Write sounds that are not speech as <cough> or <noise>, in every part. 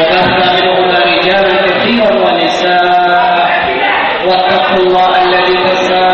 وبث رجالا كثيرا ونساء واتقوا الله الذي تساءلون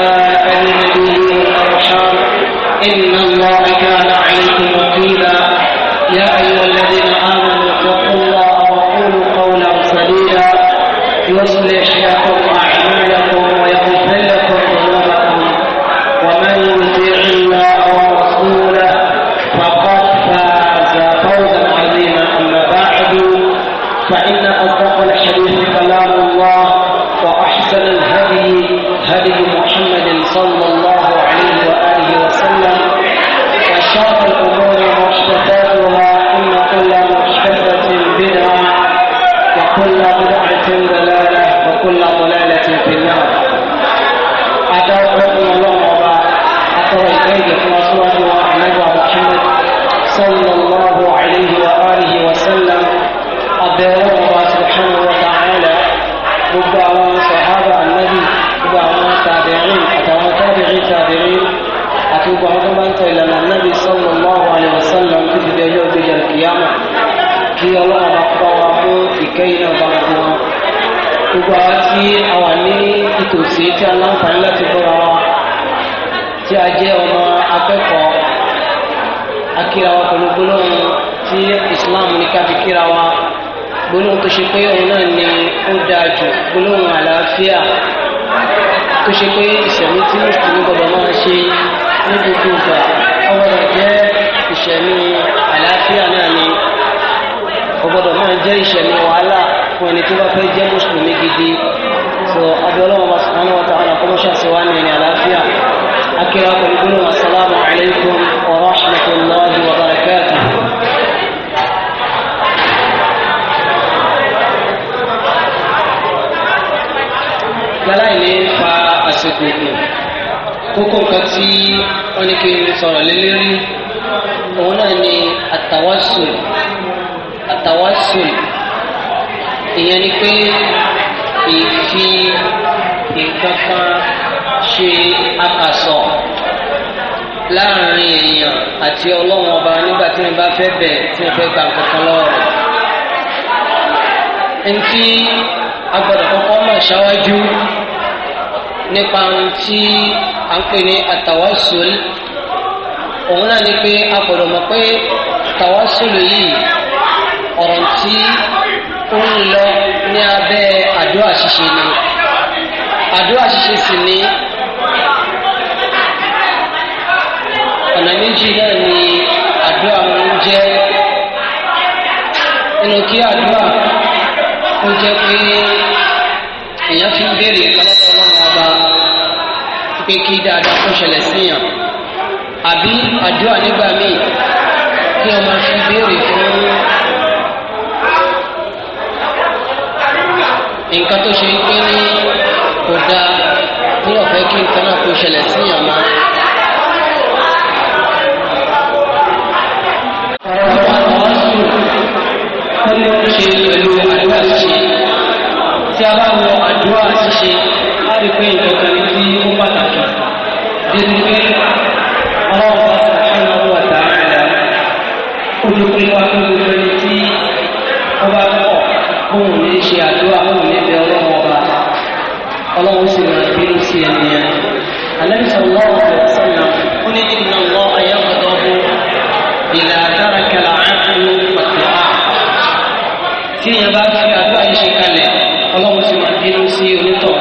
tí a láǹfààní láti bọ́ra wa tí a jẹ́ ọmọ akẹ́kọ̀ọ́ akíra wa pẹ̀lú gbólóhùn tí Islam ní ká kíra wa gbólóhùn tó ṣe pé òun náà ni ó dáa jù gbólóhùn àlàáfíà tó ṣe pé ìṣẹ̀mí tí mùsùlùmí gbọdọ̀ máa ṣe ní gbogbo ìgbà ọgbọdọ̀ jẹ́ ìṣẹ̀mí àlàáfíà náà ni ọgbọdọ̀ máa jẹ́ ìṣẹ̀mí wàhálà fún ẹni tó bá fẹ́ jẹ́ mùsùlùmí gidi sọ abẹ́ọ́lọ́wọ́ bá subhanahu wa ta'ala kó mọ́ṣẹ́ sí wa ní ẹni àlàáfíà akẹ́wà pẹ̀lú gbólóhùn assalamu alaykum wa rahmatullahi wa barakatuh. yálà ìní fa àsìkò ìlú kókó nǹkan tí wọ́n ní kí n sọ̀rọ̀ lélẹ́rí òun náà ni àtàwásùn àtàwásùn ìyẹn ni pé fi fi nǹkan kan ṣe àkàsọ láàrin èèyàn àti ọlọ́run ọba nígbà tí wọ́n bá fẹ́ bẹ̀ tí wọ́n fẹ́ gba nǹkan kan lọ́wọ́ rẹ̀. ntí agbọ́dọ̀ kọ́kọ́ mọ̀ ṣáwájú nípa ohun tí a ń pè ní àtàwásùl òun náà ni pé a mọ̀ pé tàwásùl yìí ọ̀rọ̀ tí ó ń lọ ní abẹ́ àdúrà ṣíṣe ni àdúrà ṣíṣe sì ni ọ̀nà méjì náà ni àdúrà máa ń jẹ́ nínú kí àdúrà ó jẹ́ pé èèyàn fi ń béèrè kọ́lọ́dọ̀ ọlọ́run ọba pé kí dáadáa kó ṣẹlẹ̀ síyàn àbí àdúrà nígbà míì kí ọmọ fi béèrè fún nǹkan tó ṣe pé ní kò dáa ní ọ̀fẹ́ kí nǹkan náà kó ṣẹlẹ̀ sí ìyàmá. ṣe pẹ̀lú àdúrà ṣíṣe tí a bá wọ àdúrà ṣíṣe á rí pé nǹkan kan tí ó pàtàkì débi pé ọlọ́run bá sàkóso náà wà dáadáa ó pé wá pé gbogbo tí wọ́n bá kóun ní ṣe àdúrà ó sí ẹni yẹn alẹ́bí sọ̀rọ̀ ọ̀rọ̀ sọ̀rọ̀ ó ní iná lọ ayẹ́kọ̀ọ́ bó ìlà dára kẹlà áńkú pàtó á tí èèyàn bá fi àdúrà yìí ṣe kalẹ̀ ọlọ́run ti máa bínú sí onítọ̀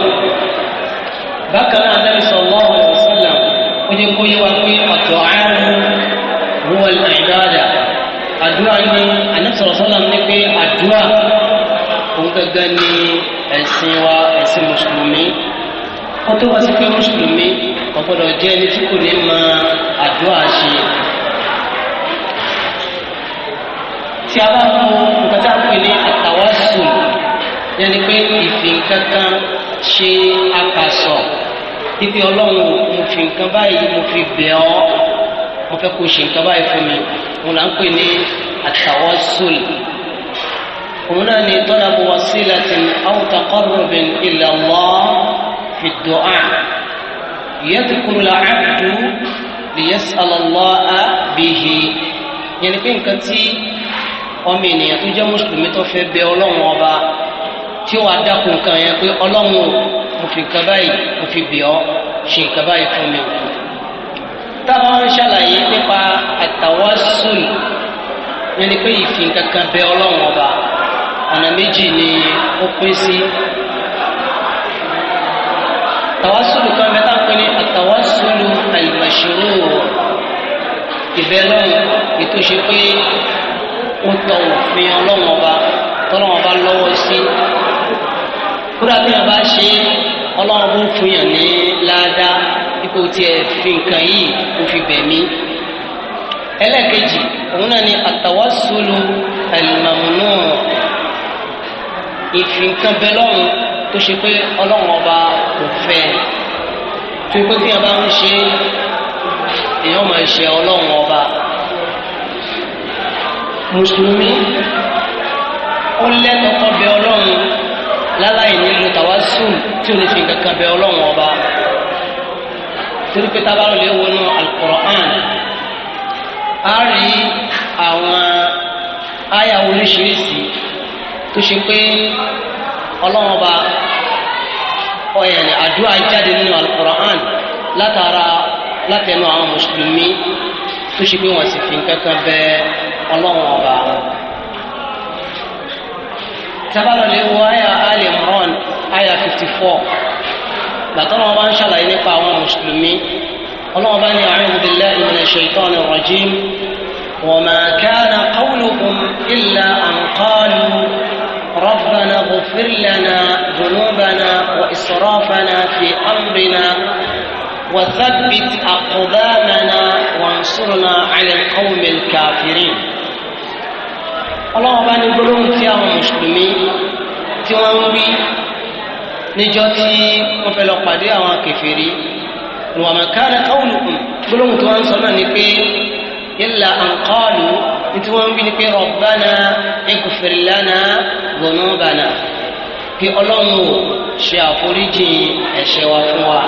bákan náà alẹ́bí sọ̀rọ̀ ọ̀rọ̀ sọ̀rọ̀ ó ní kó yẹ wá pé ọ̀tọ̀ áńkú wọ́n àìdáadà àdúrà ní ànẹ́sọ̀rọ̀sọ́nà ní pé àdúrà òun gẹ́gẹ́ ní ẹ̀sìn wa ẹ̀sìn mùsùlùmí kó tó wá sí pé mùsùlùmí kò gbọ́dọ̀ jẹ́ ẹni tí kò ní máa àdúrà ṣe. tí a bá mú nǹkan tá a pè ní àtàwásùn yẹn ni pé ìfì kankan ṣe àkàsọ̀ ibi ọlọ́run mo fi nǹkan báyìí mo fi bẹ̀ ọ́ mo fẹ́ kó ṣe nǹkan báyìí fún mi mo là ń pè ní àtàwásùn òun náà ni tọ́lá bó wá sí latin aw taqarrubin ila Allah. في الدعاء يذكر العبد ليسأل الله به yẹn ni pé nǹkan tí ọmọ ènìyàn tó jẹ́ mùsùlùmí tó fẹ́ bẹ ọlọ́run ọba tí ó wàá dákun nǹkan yẹn ọlọ́run mo fi nǹkan báyìí mo fi bẹ̀ ọ́ ṣe nǹkan báyìí fún tawasulu kan mẹ́ta pé ní àtawasulu àìmọ̀ṣòro ìfẹ́ lọ́wọ́ ètò ṣe pé ó tọ òfin ọlọ́wọ́n ọba tọ́lọ́wọ́n ọba lọ́wọ́ a kúrò àbí ọba ṣe ọlọ́wọ́n bó fún yàn ní ládàá o tiẹ̀ fi nǹkan yìí kò fi bẹ̀ mí ẹlẹ́ẹ̀kejì òun náà ni àtàwásùlù àlùmọ̀mùnú ìfìǹkan bẹ lọ́rùn tó ṣe pé ọlọ́run ọba kò fẹ́ tó ṣe pé bí ọba ń ṣe èèyàn máa ṣe ọlọ́run ọba mùsùlùmí ó lẹ́tọ̀ọ́ bẹ ọlọ́run láláì nílò tàwásùn tí ò ní fi kankan bẹ ọlọ́run ọba torí tá a bá lè wọnú Al-Qur'an á rí àwọn àyà oríṣiríṣi tó ṣe pé ọlọ́run ọba ọ̀yàn àdúrà jáde nínú alukoran látara látẹnu àwọn mùsùlùmí tó ṣe pé wọ́n sì fi kankan bẹ ọlọ́run tabalọ̀lẹ̀ wo àyà Ali Imran àyà fifty four gbàtọ́nà ọba ń ṣàlàyé nípa àwọn mùsùlùmí ọlọ́run bá ní a'udhu billahi minash shaitanir rajim wa ma kana qawluhum illa an qalu. ربنا اغفر لنا ذنوبنا وإسرافنا في أمرنا وثبت أقدامنا وانصرنا على القوم الكافرين اللهم أني قلون يا مسلمين في وانبي نجاتي وفلو لقادي وان وما كان قولكم قلون في وانصرنا نفين إلا أن قالوا nítorí wọ́n ń bí ni pé ọ̀gbánà ighfir lana dhunubana pé ọlọ́run ò ṣe àforíjì ẹ̀ṣẹ̀ wa fún wa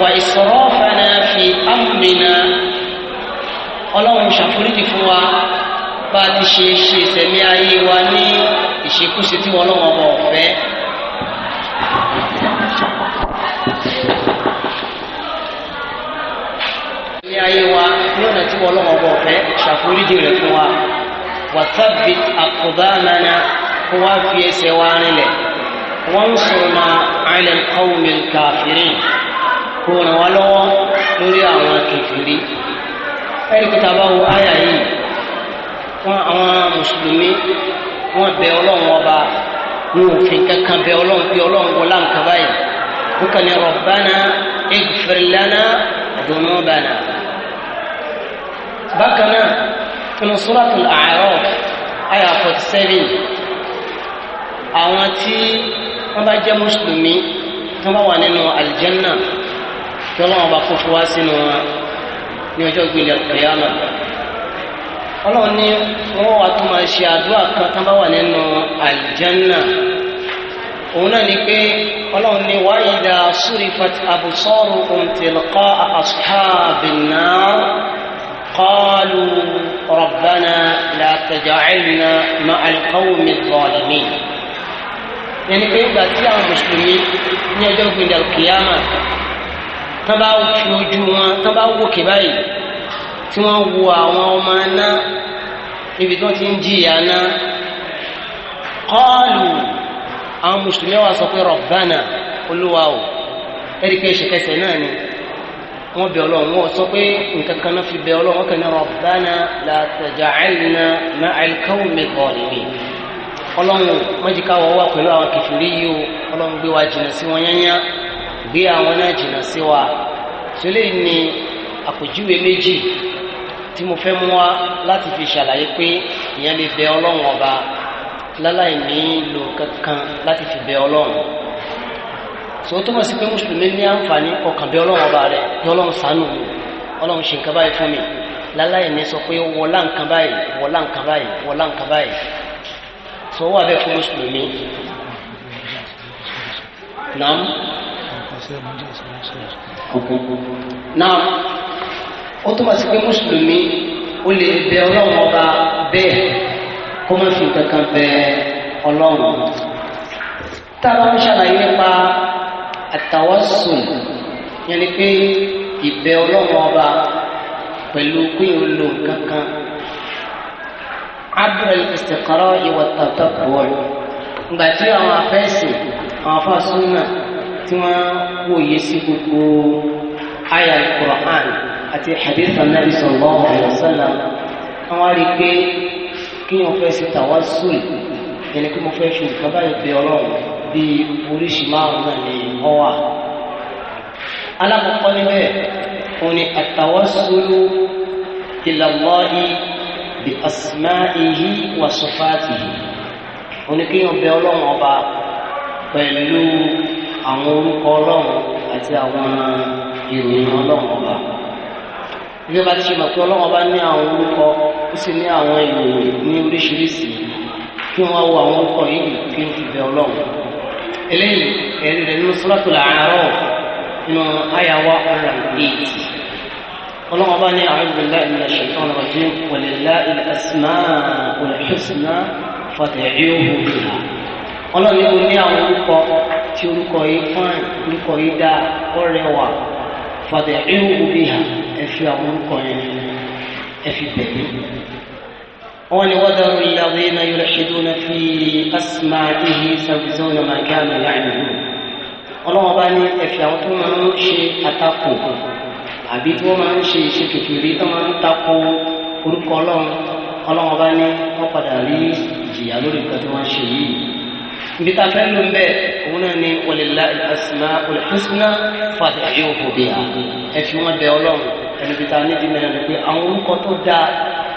wà israfana fi amrina ọlọ́run ṣàforíjì fún wa bá a ti ṣe ṣe ìṣẹ̀mí ayé wa ní ìṣekúṣe tí wọ́n lọ́wọ́ ọba ọ̀fẹ́. ayé wa ní ọ̀nà tí wọ́n lọ́wọ́ bọ̀ fẹ́ ṣàforíjì rẹ̀ fún wa wàtábì àkùbánana kó wá fi ẹsẹ̀ wa rinlẹ̀ wọ́n ń sọ̀rọ̀ na alẹ́ kọ́wùmí káfírí kó ràn wá lọ́wọ́ lórí àwọn kẹfìrí ẹ̀rí kíta bá wo àyà yìí fún àwọn mùsùlùmí wọ́n bẹ ọlọ́run ọba ní òfin kankan bẹ ọlọ́run pé ọlọ́run wọlá nǹkan báyìí nǹkan ni rabbana ighfir lana dhunubana bákan náà nínú suratul A'raf àyà 47 àwọn tí wọ́n bá jẹ́ mùsùlùmí tó bá wà nínú aljanna tó lọ́wọ́ bá kó fún wá sínú wọn ní ọjọ́ ìgbìlẹ̀ kiyama ọlọ́run ní wọ́n wà tó máa ṣe àdúrà kan tó bá wà nínú aljanna òun náà ni pé ọlọ́run ní wa idha surifat absaruhum tilqa'a ashabin قالوا ربنا لا تجعلنا مع القوم الظالمين yẹni pé ìgbà tí àwọn mùsùlùmí ní ọjọ́ gbìndà kìyàmà tán bá fi ojú wọn tán bá wò kí báyìí tí wọ́n wo àwọn ọmọ aná níbi tí wọ́n ti ń jìyà aná kọ́ọ̀lù àwọn mùsùlùmí wa sọ pé rọ̀bánà olúwa o ẹ̀rí ìṣẹ̀kẹsẹ̀ náà ni wọ́n bẹ ọlọ́run wọ́n sọ pé nǹkan kan náà fi bẹ ọlọ́run wọ́n kàn ní rabbana la taj'alna ma'al qawmi zalimin ọlọ́run mọ́jíká wọ́n wà pẹ̀lú àwọn kìfìrí yìí o ọlọ́run gbé wa jìnnà sí wọn yányá gbé àwọn náà jìnnà sí wa ṣẹlẹ̀ ni àpèjúwe méjì tí mo fẹ́ mú wa láti fi ṣàlàyé pé ìyẹn lè bẹ ọlọ́run ọba láláì ní lò kankan láti fi bẹ ọlọ́run tó túmọ̀ sí pé mùsùlùmí ní àǹfààní ọkàn bí ọlọ́run ọba rẹ ní ọlọ́run ṣàánú mi ọlọ́run ṣe nǹkan báyìí fún mi láláì ní sọ pé wọlá nǹkan báyìí wọlá nǹkan báyìí wọlá nǹkan báyìí tó wà bẹ́ẹ̀ fún mùsùlùmí. Naam. Naam. Ó túmọ̀ sí pé mùsùlùmí ó lè bẹ ọlọ́run ọba bẹ́ẹ̀ kó má fi nǹkan kan bẹ ọlọ́run. Tá a bá ń ṣàlàyé nípa àtàwọ́sùn yẹn ni pé ìbẹ ọlọ́run ọba pẹ̀lú pé o lò kankan abdul istikọrọ ìwà tọ̀tọ̀ bọ́ọ̀lù ìgbà tí àwọn afẹ́sìn àwọn afọ́sùn náà tí wọ́n wòye sí gbogbo àyà Qur'an àti hadith anabi sallallahu alayhi wa sallam wọ́n rí pé kí wọ́n fẹ́ ṣe tàwọ́sùn yẹn ni pé mo fẹ́ ṣe nǹkan báyìí bẹ ọlọ́run bí oríṣi márùn náà ni wọ́n wà. alákọ̀ọ́kọ́ níbẹ̀ òun ni àtàwọ́sọ́lù ìlàlọ́ọ̀hì bí asma'ihi wa sifatihi òun ni kí wọ́n bẹ ọlọ́run ọba pẹ̀lú àwọn orúkọ ọlọ́run àti àwọn ìròyìn ọlọ́run ọba bí wọ́n bá ti ṣe mọ̀ pé ọlọ́run ọba ní àwọn orúkọ ó sì ní àwọn ìròyìn ní oríṣiríṣi kí wọ́n wo àwọn orúkọ yìí kí wọ́n fi bẹ ọlọ́run eléyìí ẹ̀rí rẹ̀ nínú suratul A'raf nínú àyàwó ọ̀rọ̀ eight ọlọ́wọ́n bá ní a'udhu billahi minash shaitanir rajim walillahi al-asma'ul husna fad'uhu biha ọlọ́run yóò ní àwọn orúkọ tí orúkọ yìí fáìn orúkọ yìí dá ọrẹwà fad'uhu biha ẹ fi àwọn orúkọ yẹn ẹ fi bẹ̀rẹ̀ wọ́n ní الذين يلحدون في أسمائه سيجزون ما كانوا يعلمون. ọlọ́wọ́n bá ní ẹ̀fẹ̀ àwọn tó máa ń ṣe àtakò àbí tí wọ́n máa ń ṣe ìṣe kékeré tó máa ń takò orúkọ ọlọ́run ọlọ́wọ́n bá ní wọ́n padà rí ìjìyà lórí nǹkan tí wọ́n ṣe yìí ibi tá a fẹ́ lò ń bẹ̀ òun náà ni walillahi al-asmaul husna fad'uhu biha ẹ̀fẹ̀ wọn bẹ ọlọ́run ẹni bí ta nídìí mẹ́rin pé àwọn orúkọ tó dáa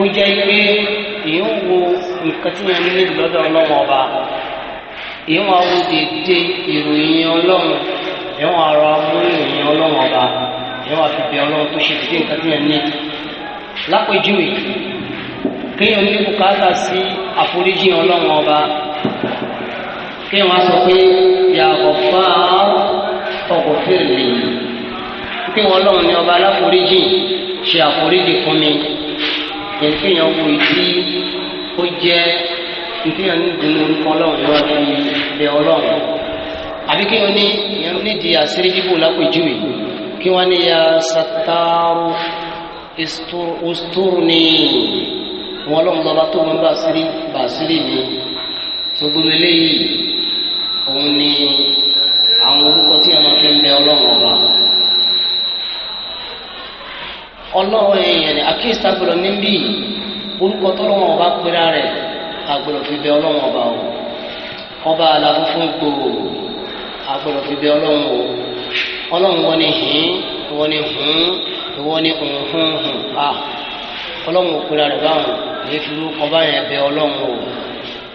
kó jẹ́ pé èèyàn wo nǹkan tí yẹn nílò lọ́dọ̀ ọlọ́run ọba èèyàn wá wo dédé ìròyìn ọlọ́run èèyàn wá rọ mú ìròyìn ọlọ́run ọba èèyàn wá fi bẹ ọlọ́run tó ṣe dédé nǹkan tí yẹn ní. lápèjúwe kéèyàn ní bùkátà sí àforíjì ọlọ́run ọba kéèyàn wá sọ pé yàgò fáá ọkọ̀ fèrè lè kéèyàn ọlọ́run ní ọba aláforíjì ṣe àforíjì fún mi yẹn kí èèyàn wo ìdí ó jẹ́ ìdí yẹn nínú orúkọ ọlọ́run lọ sí ilé ọlọ́run àbí kí wọ́n ní ìyẹn nídìí àṣírí bíbò lápèjúwe kí wọ́n ní ya sataru isturni wọn ọlọ́run lọ́ba tó wọn bá sírí bá sírí mi tó gbogbo eléyìí òun ni àwọn orúkọ tí àwọn fi ń bẹ ọlọ́run ọba ọlọ́run èèyàn àkíyèsí agbọ́dọ̀ níbí orúkọ tọ́lọ́wọ́n ọba pera rẹ̀ agbọ́dọ̀ fi bẹ ọlọ́wọ́n ọba o ọba aláfúnfún gbòò agbọ́dọ̀ fi bẹ ọlọ́wọ́n o ọlọ́wọ́n wọ́n ni hìn wọ́n ni hùn wọ́n ni hùn a ọlọ́wọ́n òpera rẹ̀ báwọn èyí fi orúkọ báyẹn bẹ ọlọ́wọ́n o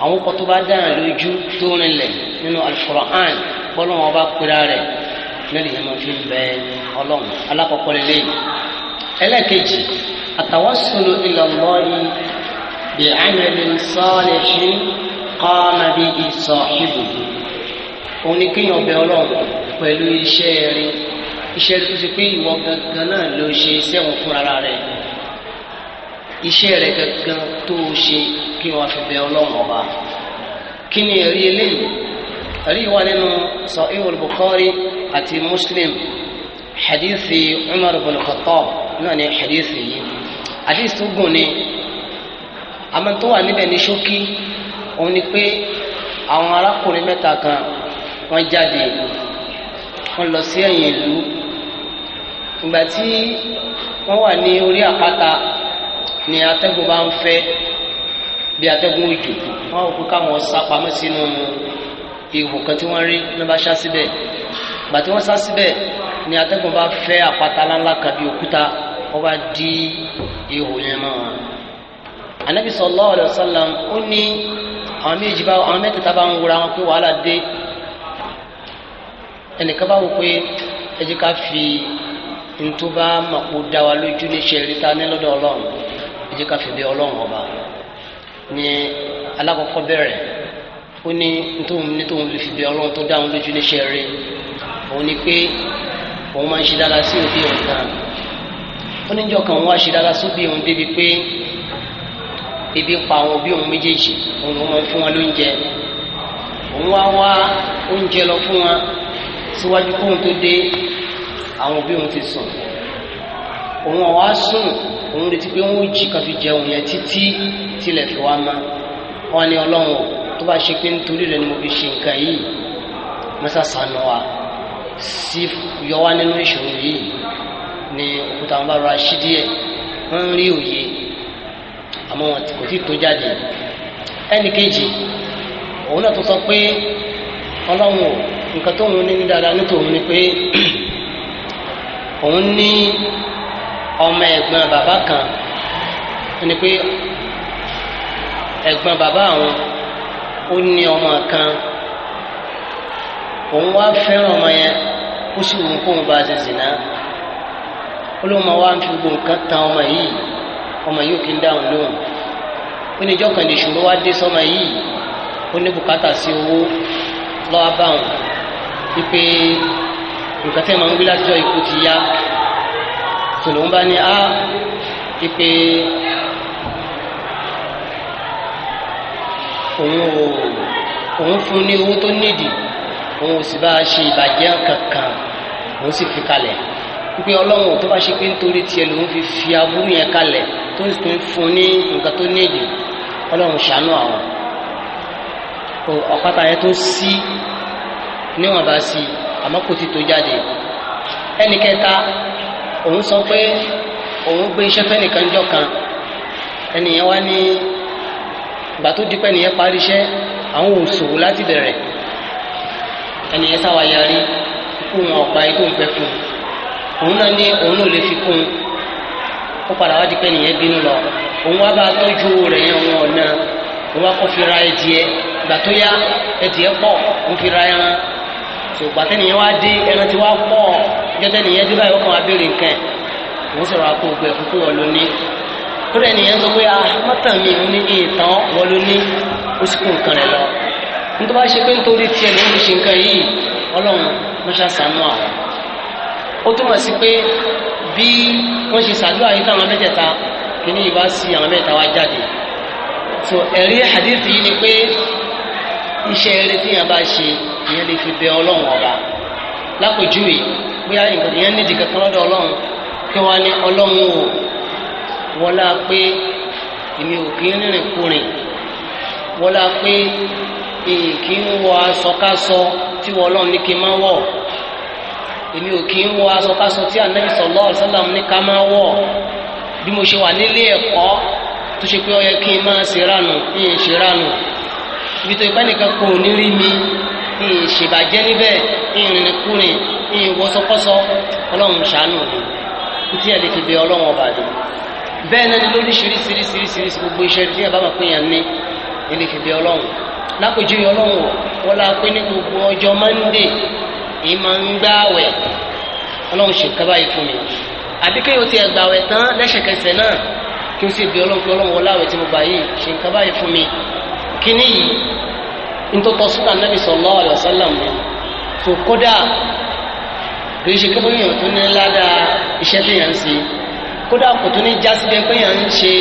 àwọn kọ́ tó bá dáhà lójú tó rinlẹ̀ nínú Al-Qur'an ọba pera rẹ̀ lẹ́yìn ìyẹn máa fi ń bẹ ọlọ́wọ́n alákọ̀ọ́kọ́ lélẹ́yìn ẹlẹ́ẹ̀kejì التوسل إلى الله بعمل صالح قام به صاحبه ونكين وبيولوج pẹ̀lú iṣẹ́ rẹ̀ iṣẹ́ tó ti pé ìwọ gangan náà ló ṣe sẹ́wọ̀n fúnra rẹ̀ iṣẹ́ rẹ̀ gangan tó ṣe kí wọ́n fi bẹ ọlọ́run ọba kí ni ẹ̀rí eléyìí ẹ̀rí wà nínú Sahih al-Bukhari àti Muslim hadithi Umar bin náà ni hadithi yìí àdéhùn tó gùn ni àmọ́ tó wà níbẹ̀ ní ṣókí òun ni pé àwọn arákùnrin mẹ́ta kan wọ́n jáde wọ́n lọ sí ẹ̀yìn ìlú ìgbà tí wọ́n wà ní orí àpáta ni atẹ́gùn bá ń fẹ́ bí atẹ́gùn òjò wọ́n wò pé káwọn sá pamọ́ sínú ihò kan tí wọ́n rí ní bá sá síbẹ̀ ìgbà tí wọ́n sá síbẹ̀ ni atẹ́gùn bá fẹ́ àpáta ńláńlá kan bí òkúta wọ́n bá di ihò yẹn mọ́ wọn. anabi sallallahu alaihi wasallam ó ní àwọn méjì bá àwọn mẹ́tẹ̀ẹ̀ta bá ń wura wọn pé wàhálà dé ẹnìkan bá wò pé ẹ jẹ́ ká fi ntoba mako da wa lójú ní sẹríta ní lọ́dọ̀ Ọlọ́run ẹ jẹ́ ká fi bí Ọlọ́run ọba ní alákọ̀ọ́kọ́ bẹ̀rẹ̀ ó ní ntòun ní tòun fi bí Ọlọ́run tó dáhùn lójú ní sẹrí òun ni pé òun máa ń ṣe dára sí òbí òun náà oníjọ kan wá ṣe dára sóbì òun débi pé ebi ń pa àwọn òbí òun méjèèjì òun ò mọ fún wọn lóúnjẹ òun wá wá oúnjẹ lọ fún wọn síwájú kóhun tó dé àwọn òbí òun ti sùn òun ọ̀wá sùn òun retí pé wọn ò jí kan fi jẹun yẹn títí tilẹ̀ fi wá ma wọn ni ọlọ́run tó bá ṣe pé nítorí rẹ ni mo fi ṣe nǹkan yìí mọ́sá wa sí yọ wá nínú ìṣòro yìí ni òkúta wọn bá rọra ṣí díẹ̀ wọ́n ń rí òye àmọ́ wọn kò tí tó jáde ẹnì kejì òun náà tó sọ pé ọlọ́run nǹkan tó ń ní dáadáa nítorí ni pé <clears throat> òun ní ọmọ ẹ̀gbọ́n bàbá kan ni pé ẹ̀gbọ́n bàbá àwọn ó ní ọmọ kan òun wá fẹ́ràn ọmọ yẹn ó sì wù kóun bá ṣe zìnnà olóòmọ wa ń fi gbogbo nǹkan tan ọmọ yìí ọmọ yìí ò kí ń dáhùn lóhùn ó ní ìjọ kan ìṣòro wá dé sọmọ yìí ó ní bùkátà sí owó lọ́wọ́ báwọn wípé nǹkan tẹ́ máa ń gbé látijọ́ ikú ti yá tòlóhùn bá ní á wípé òun ò òun fún ní owó tó nídìí òun ò sì bá a ṣe ìbàjẹ́ kankan òun sì fi kalẹ̀ pé ọlọ́run tó bá ṣe pé nítorí tiẹ̀ lòun fi fi aburú yẹn kalẹ̀ tó ń tún fún ní nǹkan tó níyì ọlọ́run ṣàánú àwọn ọ̀pátá yẹn tó sí níwọ̀n bá sí àmọ́ kò ti tó jáde ẹnì kẹta òun sọ pé òun gbé iṣẹ́ fẹ́nìkan jọ kan ẹnìyẹn wá ní ìgbà tó di pé ẹnìyẹn parí iṣẹ́ àwọn ò ṣòwò láti bẹ̀rẹ̀ ẹnìyẹn sáwà yarí ikú wọn ọ̀pá ikú ń pẹ́ fún un. òun náà ní òun náà lè fi kún un ó padà wá di pé nìyẹn bínú lọ òun wá bá tọ́jú rẹ̀ yẹn wọn ọ̀nà òun wá kó fi ra gbà tó yá pọ̀ fi ra ẹran tó gbà tẹ́ nìyẹn wá dé ẹran tí wá pọ̀ jẹ́tẹ́ nìyẹn dé báyìí ọkàn wá béèrè nǹkan ẹ̀ òun sọ̀rọ̀ àpò ògbẹ́ fúnfún wọn lónìí ó dẹ̀ nìyẹn sọ pé a ah, mọ́tàn mi òun ní ìtàn wọn lónìí ó sì kó nǹkan rẹ̀ lọ nítorí wá ṣe pé nítorí tiẹ̀ ó túmọ̀ sí pé bí wọ́n ṣe ṣàdúrà yìí fáwọn mẹ́tẹ̀ẹ̀ta kìíní ìbá sí àwọn mẹ́ta wá jáde so ẹ̀rí hadith yìí ni pé iṣẹ́ eré tí yẹn bá ṣe ìyẹn lè fi bẹ ọlọ́run ọba lápèjúwe bóyá nǹkan ìyẹn ní ìdìkan kan lọ́dọ̀ ọlọ́run kí wọ́n á ní ọlọ́run o wọlá pé èmi ò kí ń rìnrìn kùnrin wọlá pé èyí kì í wọ aṣọ tí wọ́n ọlọ́run ní kí n má wọ̀ èmi ò kí ń wọ aṣọ káṣọ tí anabi sallallahu alaihi wasallam ní ká máa wọ̀ bí mo ṣe wà nílé ẹ̀kọ́ tó ṣe pé ó kí n máa ṣèrànù kí n ṣèrànù ibi tó ipá nìkan kò ní rí mi kí n ṣèbàjẹ́ níbẹ̀ kí n rìnrìn kúrìn kí n wọṣọkọ́ṣọ ọlọ́run ṣàánú mi tí ẹ̀ lè fi bẹ ọlọ́run ọba dùn bẹ́ẹ̀ náà ni lóríṣiríṣiríṣiríṣi gbogbo iṣẹ́ tí ẹ̀ bá máa pín yàn ní ilé fi bẹ ọlọ́run lápèjúwe ọlọ́run wọ́n la pé ní gbogbo ọjọ́ Monday yìí máa ń gbá àwẹ̀ ọlọ́run ṣe nǹkan báyìí fún mi àbí kéèyàn ti ẹ̀gbà àwẹ̀ tán lẹ́sẹ̀kẹsẹ̀ náà kí n sì bí ọlọ́run pé ọlọ́run wọlé àwẹ̀ tí mo gbà yìí ṣe nǹkan báyìí fún mi kíní yìí nítòtọ́ súnà nàbì sallallahu alaihi wasallam mi tó kódà kì ṣe kí bóyá tó ní ládàá iṣẹ́ tí yẹn ń ṣe kódà kò tó ní já síbẹ̀ pé yẹn ń ṣe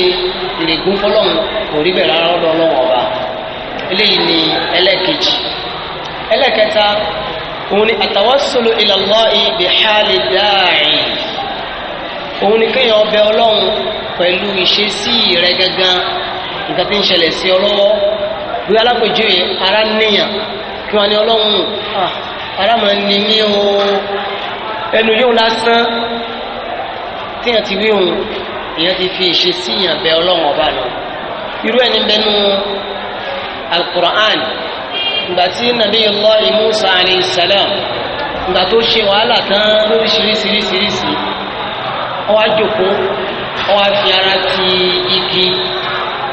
ìrègùn fọlọ́run kò òun ni àtàwọ́sọ̀lù ìlàlọ́ ibi hali dáàì òun ni kéèyàn ọbẹ̀ ọlọ́run pẹ̀lú ìṣesí rẹ gangan nǹkan tí ń ṣẹlẹ̀ sí ọ lọ́wọ́ bí alákòjú yìí ara níyàn kí wọ́n ní ọlọ́run ah, ara máa ń ní mí o ẹnu yóò lásán tíyàn ti wí òun ìyẹn ti fi ìṣesí yàn bẹ ọlọ́run ọba lọ irú ẹni bẹnu alukur'an. ìgbà tí Nabiyullahi Musa alayhi salam ìgbà tó ṣe wàhálà tán lóríṣiríṣiríṣiríṣi wọ́n á jòkó wọ́n fi ara ti igi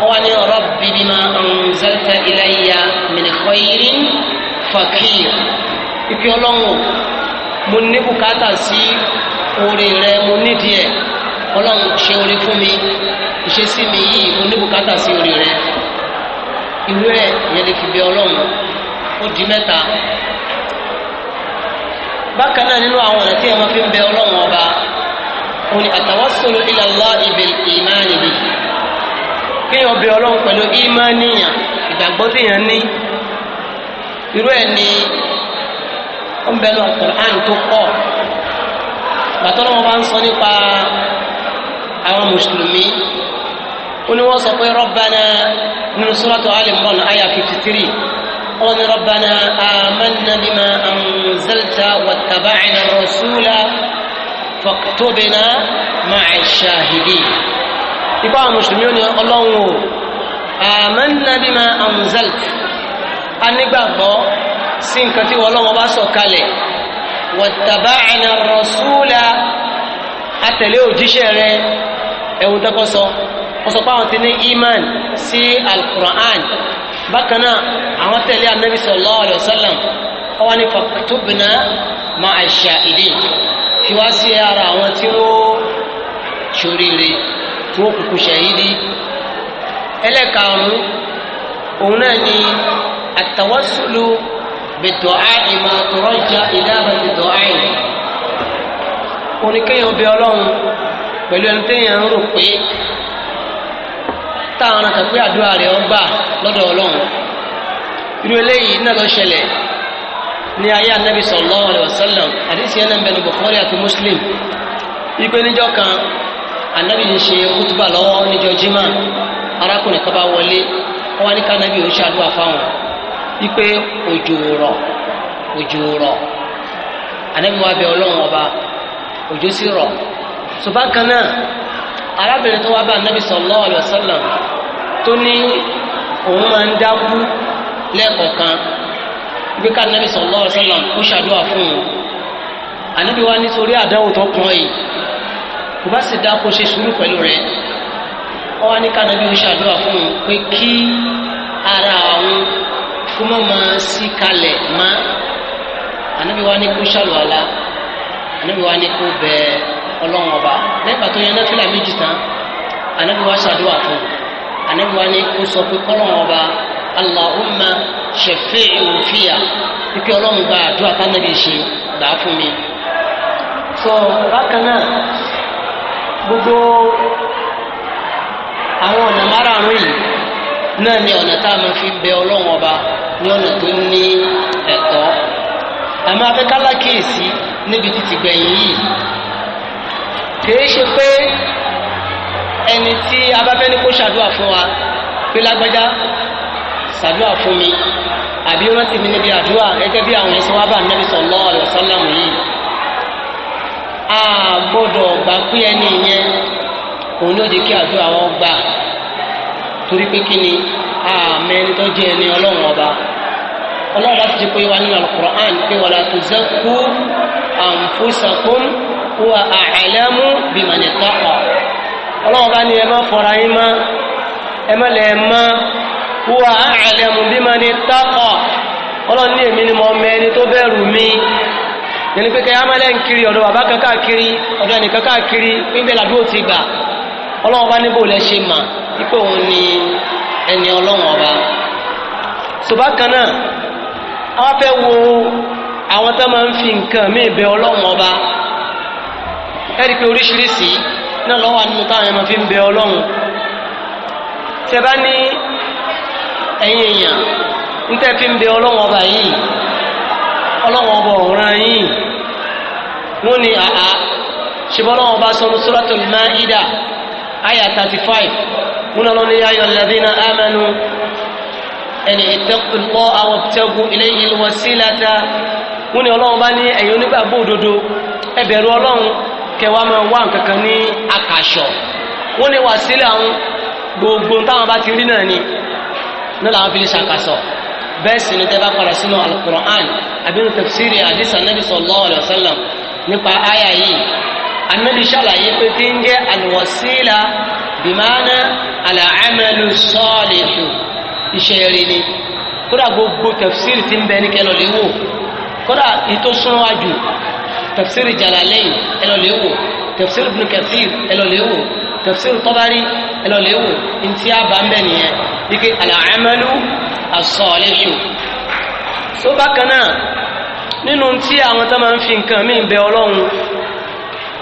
wọ́n á ní rabbi bima anzalta ilayya min khairin fakir ìpè ọlọ́run mo ní bùkátà sí oore rẹ mo nídìí ẹ̀ ọlọ́run ṣe oore fún mi ìṣesí mi yìí mo ní bùkátà sí oore rẹ irú ẹ̀ yẹn lè fi ọlọ́run. ó di mẹ́ta bákan náà nínú àwọn ọ̀nà tí ẹ máa fi ń bẹ ọlọ́run ọba àtàwọ́sọ̀rọ̀ ila Allah bil ìmáàni bi kéèyàn bẹ ọlọ́run pẹ̀lú ìmáàníyàn ìgbàgbọ́ téèyàn ní irú ẹ̀ ni ó ń bẹ lọ Kùránì tó pọ̀ bàtọ́ náà wọ́n bá ń sọ nípa àwọn mùsùlùmí ó ní wọ́n sọ pé nínú àyà 53 قال ربنا آمنا بما أنزلت واتبعنا الرسول فاكتبنا مع الشاهدين يبقى المسلمين الله آمنا بما أنزلت أنقبوا سنكتي والله ما سوكالي واتبعنا الرسول أتلي وجيشيري ẹ̀wùn tẹ́kọ́ sọ ọ sọ pé àwọn ti ní bákan náà àwọn tẹ̀lé anabi sallallahu alayhi wa sallam ọwọ́ ní faktubna ma'a shahidin fi wá sí ara àwọn tí ó ṣoríire tí ó kúkú ṣàhídì ẹlẹ́karùn-ún òun náà ni àtàwọ́sùlù bidu'a'i ma turajja ìdáhùn bidu'a'i oníkéyàn bí ọlọ́run pẹ̀lú ẹni téèyàn ń rò pé táwọn ọ̀nà pé àdúrà rẹ̀ ọ gbà lọ́dọ̀ ọlọ́run irú eléyìí náà ló ṣẹlẹ̀ ní ayé anabi sallallahu alaihi wasallam àdìsí ẹ̀ ń bẹnu Bukhari àti Muslim ipe níjọ́ kan anabi ń ṣe kútùbà lọ́wọ́ níjọ́ jimá arákùnrin kan wọlé wọn wá ní kánábì ò ṣàdúrà fáwọn ipe òjò rọ̀ òjò rọ̀ anabi wa bẹ ọlọ́run ọba òjò sì rọ̀ ṣùgbọ́n kan náà arábìnrin tó wá bá nàbì sallallahu alaihi wasallam tó ní òun máa ń dákú lẹ́ẹ̀kọ̀kan bí ká nàbì sallallahu alaihi wasallam kó ṣàdúrà fún un ànábì wá nítorí àdáwò tó kàn yìí kò bá sì dákú ṣe sùúrù pẹ̀lú rẹ̀ wọ́n wá ní ká nàbì ó ṣàdúrà fún un pé kí ara àwọn kó mọ̀ máa sí kalẹ̀ má ànábì wá ní kó ṣàlùwàlá ànábì wá ní kó bẹ́ẹ̀ ọlọ́run ọba lẹ́gbà tó yẹn náfìlà méjì tán ànábì wa ṣàdúrà fún ànábì wa ní kó sọ pé kọ́lọ́run ọba Allahumma ṣẹ̀fẹ́ òfìyà pípẹ́ ọlọ́run gba àdúrà tánàbì ṣe gbà á fún mi. sọ bákan náà gbogbo àwọn ọ̀nà márààrún yìí náà ni ọ̀nà tá a máa fi bẹ ọlọ́run ọba ní ọ̀nà tó ní ẹ̀tọ́ àmọ́ afẹ́kálá kíyèsí níbi títí gbẹ̀yìn yìí kìí ṣe pé ẹni tí a bá fẹ́ ní kó ṣàdúrà fún wa pé lágbájá ṣàdúrà fún mi àbí rántí mi níbi àdúrà gẹ́gẹ́ bí àwọn ẹ̀sìn wa bá nẹ́bí sallallahu alaihi wasallam yìí a gbọ́dọ̀ gbà pé ẹni yẹn òun ló jẹ́ kí àdúrà wọn gbà torí pé kí ni àmẹ́ni tó jẹ́ ẹni ọlọ́run ọba ọlọ́run bá ti jẹ́ pé wá nínú Al-Qur'an pé wala tuzakku anfusakum. huwa a'lamu bimani taqa ọlọ́wọ́ bá ní ẹ fọ́ra má ní èmi ni mo mọ ẹni tó bẹ̀rù mi yẹni pé kẹyà máa lẹ́yìn kiri ọ̀dọ̀ bàbá ọ̀dọ̀ pínpín ti gbà lẹ ṣe mà òun ni ẹni kan náà àwọn fẹ́ wo àwọn tó máa ń fi nǹkan ẹ̀rí pé si náà lọ́wọ́ nínú táwọn ẹ̀mọ́ fi ń bẹ ọlọ́run tẹ bá ní èèyàn ń tẹ́ fi ń bẹ ọlọ́run ọba yìí ọlọ́run ọba ọ̀ràn yìí wọ́n ní àá ṣùgbọ́n ọlọ́run ọba sọ ní Suratul Maida àyà 35 wọ́n lọ́nà ní ayọ̀ alladhina amanu ẹni ìtẹ́kùnlọ́ àwọn tẹ́gùn ilé ìlú wọ́n sí láta wọ́n ní ọlọ́run ọba ní onígbàgbọ́ òdodo ọlọ́run kẹwàá máa wá nǹkan kan ní akàṣọ wọ́n ní wà sílẹ̀ àwọn gbogbo táwọn bá ti rí náà ni náà làwọn fi lè ṣàkàṣọ bẹ́ẹ̀ sì ni tẹ́lá padà sínú alukur'an abinu tafsiri hadith anabi sallallahu alayhi nípa àyà yìí anabi ṣàlàyé pé tí ń jẹ́ alwasila bimana alaamalu sọ́ọ̀lìṣù iṣẹ́ rí ni kódà gbogbo tafsiri ti ń bẹ ní kẹlọ́lẹ́wò kódà ìtòsúnwájú tafsir Jalalayn ẹ lọ lè wò tafsir Ibn Kathir ẹ lọ lè wò tafsir Tabari ẹ lọ lè wò ntí a bá ń bẹ nìyẹn ike al-amalu as-salihu. tó bákan náà nínú tí àwọn tó máa ń fi nǹkan mí bẹ ọlọ́run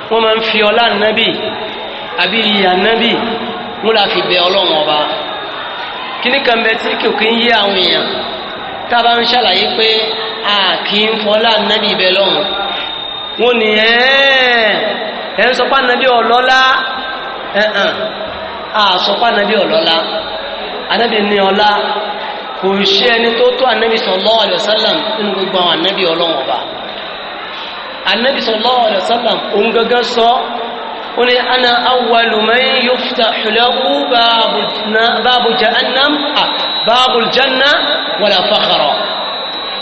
wọ́n máa ń fi ọlá nábì àbí ìyá nábì wọ́n la fi bẹ ọlọ́run ọba kíní kan bẹ tí kò kí ń yé àwọn èèyàn tá a bá ń ṣàlàyé pé a kì í fọlá nábì bẹ lọ́run wọ́n ní ẹ́ẹ̀ ẹ̀ ń sọpá nàbí ọlọ́lá ẹ̀hàn àsọpá nàbí ọlọ́lá anábì ní ọlá kò ṣe ẹni tó tó anábì sallallahu alaihi wasallam nínú gbogbo àwọn anábì ọlọ́wọ̀n ọba anábì sallallahu alaihi wasallam òun gángan sọ ó ní ana awwalu man yuftahu lahu báàbù jahannam báàbù janna wala fakhara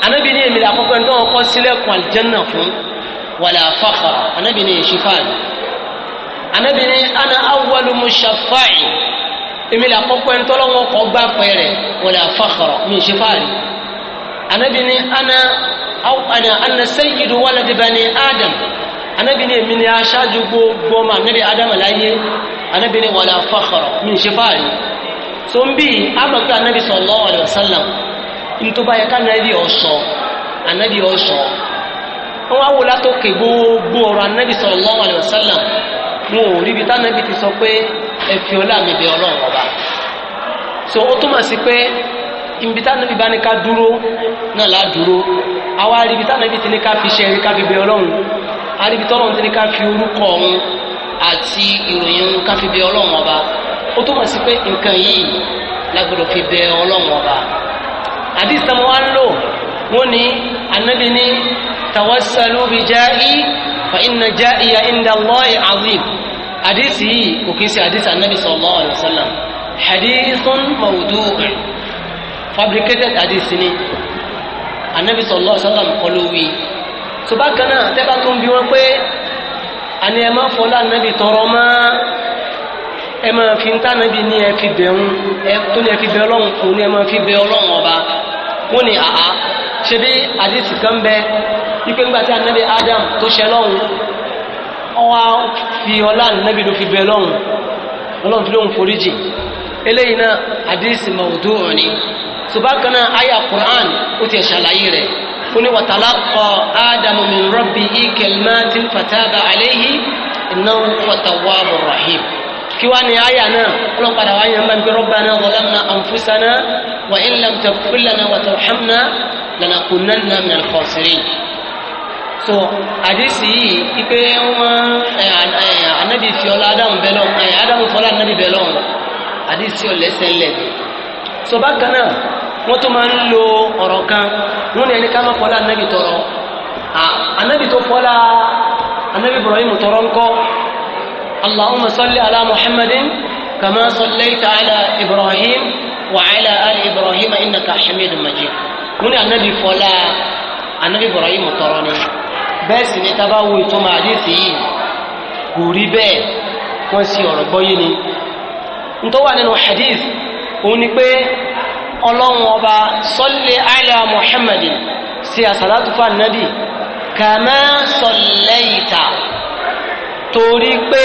anábì ní èmi làkọ́kọ́ ẹni tó wọ́n kọ́ sílẹ̀kùn aljanna fún wàlà fàkàrà anábì ní ìṣífàánù anábì ní ana awwalu mushaffa'i èmi là kọ́kọ́ ẹni tọ́lọ́wọ́ kọ́ gbá pẹ́rẹ́ wàlà fàkàrà ní ìṣífàánù anábì ní ana ana sayyidu waladi bani adam anábì ní èmi ní aṣáájú gbogbo ọmọ anábì adam láyé anábì ní wàlà fàkàrà ní ìṣífàánù tó ń bí àmọ̀ pé anábì sallallahu alaihi wasallam ní tó bá ká anábì ọ̀ṣọ́ anábì ọ̀ṣọ́ wọ́n wá wò látòkè gbogbo ọ̀rọ̀ anábì sallallahu alaihi wasallam wọn ò sọ pé so ó túmọ̀ sí pé ibi tánábì bá ní ká dúró náà dúró àwa ríbi tánábì ti ní ká fi ṣẹ́rí ká fi bẹ ọlọ́run àríbi tọ́lọ́run ti ní ká fi orúkọ ọ̀hún àti wọ́n ní anabi ní tawassalu bi ja'i fa inna ja'i inda Allahi azim hadisi yìí kò kí n ṣe hadisi anabi sallallahu alayhi wa sallam hadithun mawdu' fabricated hadisi ni anabi sallallahu alayhi wa sallam kọ́ ló wí tó bá kan náà tẹ́ bá tún bí wọ́n pé àní ẹ má fọlá anabi tọrọ máa ẹ máa fi ń tánàbí ní ẹ fi bẹ̀rún tó ní ẹ fi bẹ̀ ọlọ́run kò ní ẹ máa fi bẹ̀ ọlọ́run ọba wọ́n ní àá ṣebí àdìsí kan bẹ wípé nígbà tí anabi adam tó ṣe lọ́hùn ọwọ́ fi ọlá anabi ló fi bẹ lọ́hùn ọlọ́run fi lóhùn foríjì eléyìí náà àdìsí mawdu' ni ṣùgbọ́n àyà quran ó ti ṣàlàyé rẹ̀ ó ní watalaqqa ádámù min rabbihi kalimatin fataba alayhi innahu huwa tawwabur rahim kí wá ní àyà náà ọlọ́pàá wáyé máa ń gbé rabbana zalamna anfusana wa in lam taghfir lana wa tarhamna lanakunanna min al-khasirin so àdìsí yìí ipe wọn anabi fiola adamu bẹlọ adamu fọlá anabi bẹlọ àdìsí ọlẹsẹlẹ so bákan náà wọn tún máa ń lo ọ̀rọ̀ kan wọn ní ẹni ká má fọlá anabi tọrọ anabi tó fọlá anabi Ibrahim tọrọ ńkọ allahumma salli ala muhammadin kama sallaita ala ibrahim wa ala ali ibrahim innaka hamidun majid wọ́n ní anabi fọlá anabi Ibrahim tọrọ ni bẹ́ẹ̀ sì ni tábà wo ìtumọ̀ àdéhìí yìí kò rí bẹ́ẹ̀ wọ́n sì ọ̀rọ̀ gbọ́yé ni ntọ́ wà nínú hadith òun ni pé ọlọ́run ọba salli ala muhammadin sí àsàlátù fún anabi kama sallaita torí pé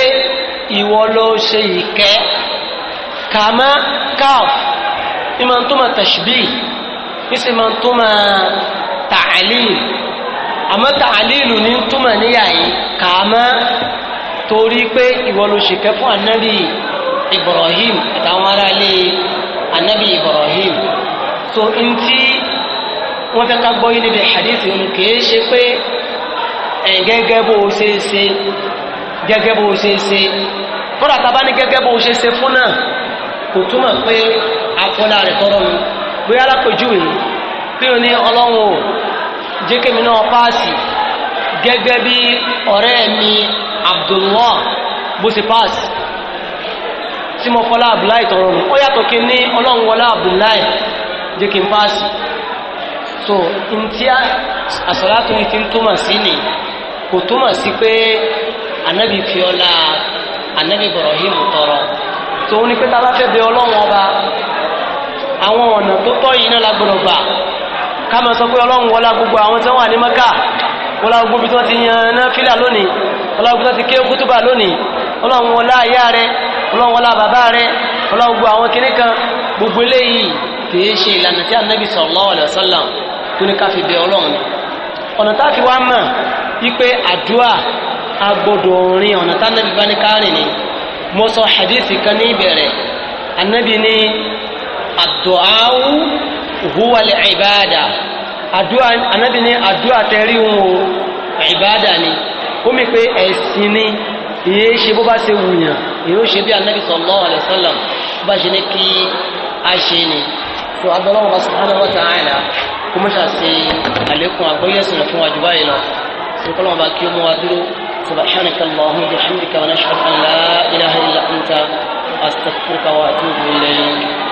ìwọ ló ṣe ìkẹ́ kama káf ìmọ̀ tó mọ̀ tashbih kí sì máa túmọ̀ tààlìlù àmọ́ tààlìlù ní túmọ̀ níyà yìí kàámọ́ torí pé ìwọ ló ṣèkẹ́ fún ànábì Ibrahim àtàwọn aráalé ànábì Ibrahim so ntí wọ́n fẹ́ ká gbọ́ yìí níbi hadith yìí kìí ṣe pé gẹ́gẹ́ bó o ṣe ṣe gẹ́gẹ́ bó o ṣe ṣe fúnra tá a bó o ṣe ṣe fún náà kò túmọ̀ pé akọ́lá rẹ̀ tọ́rọ̀ mi bóyá alápèjúwe pé o ní ọlọ́run o jẹ́ kémi náà páàsì gẹ́gẹ́ bí ọ̀rẹ́ mi Abdullah bó ṣe páàsì tí mo fọlá Abdullahi tọrọ rùn ó yàtọ̀ kí ní ọlọ́run wọlá Abdullahi jẹ́ kí so n tí àsọ̀látò yìí ti ń túmọ̀ sí ni kò túmọ̀ sí pé anabi fi anabi Ibrahim tọrọ tó ní àwọn ọ̀nà tó tọ́ yìí náà lágbọ́dọ̀ gbà ká máa sọ pé ọlọ́run wọlá gbogbo àwọn tí wọ́n wà ní mẹ́kà wọlá gbogbo bí wọ́n ti yan náfílà lónìí wọlá gbogbo tó ti ké kútùbà lónìí ọlọ́run wọlá ìyá rẹ ọlọ́run wọlá bàbá rẹ ọlọ́run gbogbo àwọn kinní kan gbogbo eléyìí kìí ṣe ìlànà tí anábì sallallahu alaihi wasallam tó ní ká fi bẹ ọlọ́run ni ọ̀nà tá a fi wá mọ̀ wípé àdúrà agbọ́dọ̀ orin ọ̀nà tá anábì bá ní káàrin ni mo sọ hadithi kan ní ìbẹ̀rẹ̀ anábì ní àdùáwù húwàlẹ̀ ìbáàdà àdúrà anábì ní àdúrà tẹ́rí wọn o ìbáàdà ni ó mi pé ẹ̀sìn ni ìyẹ́ ṣe bó bá ṣe wùyàn ìyẹ́ ó ṣe bí anábì sallallahu alaihi wasallam bá ṣe ní kí a ṣe ni tó agbọ́lọ́wọ́ bá subhanahu wa ta'ala kó mọ́ ṣàṣe àlékún àgbóyẹ̀sìn fún wa jù báyìí lọ tó kọ́lọ́wọ́ bá kí ó mú wa dúró سبحانك اللهم وبحمدك ونشهد ان لا اله الا انت استغفرك واتوب اليك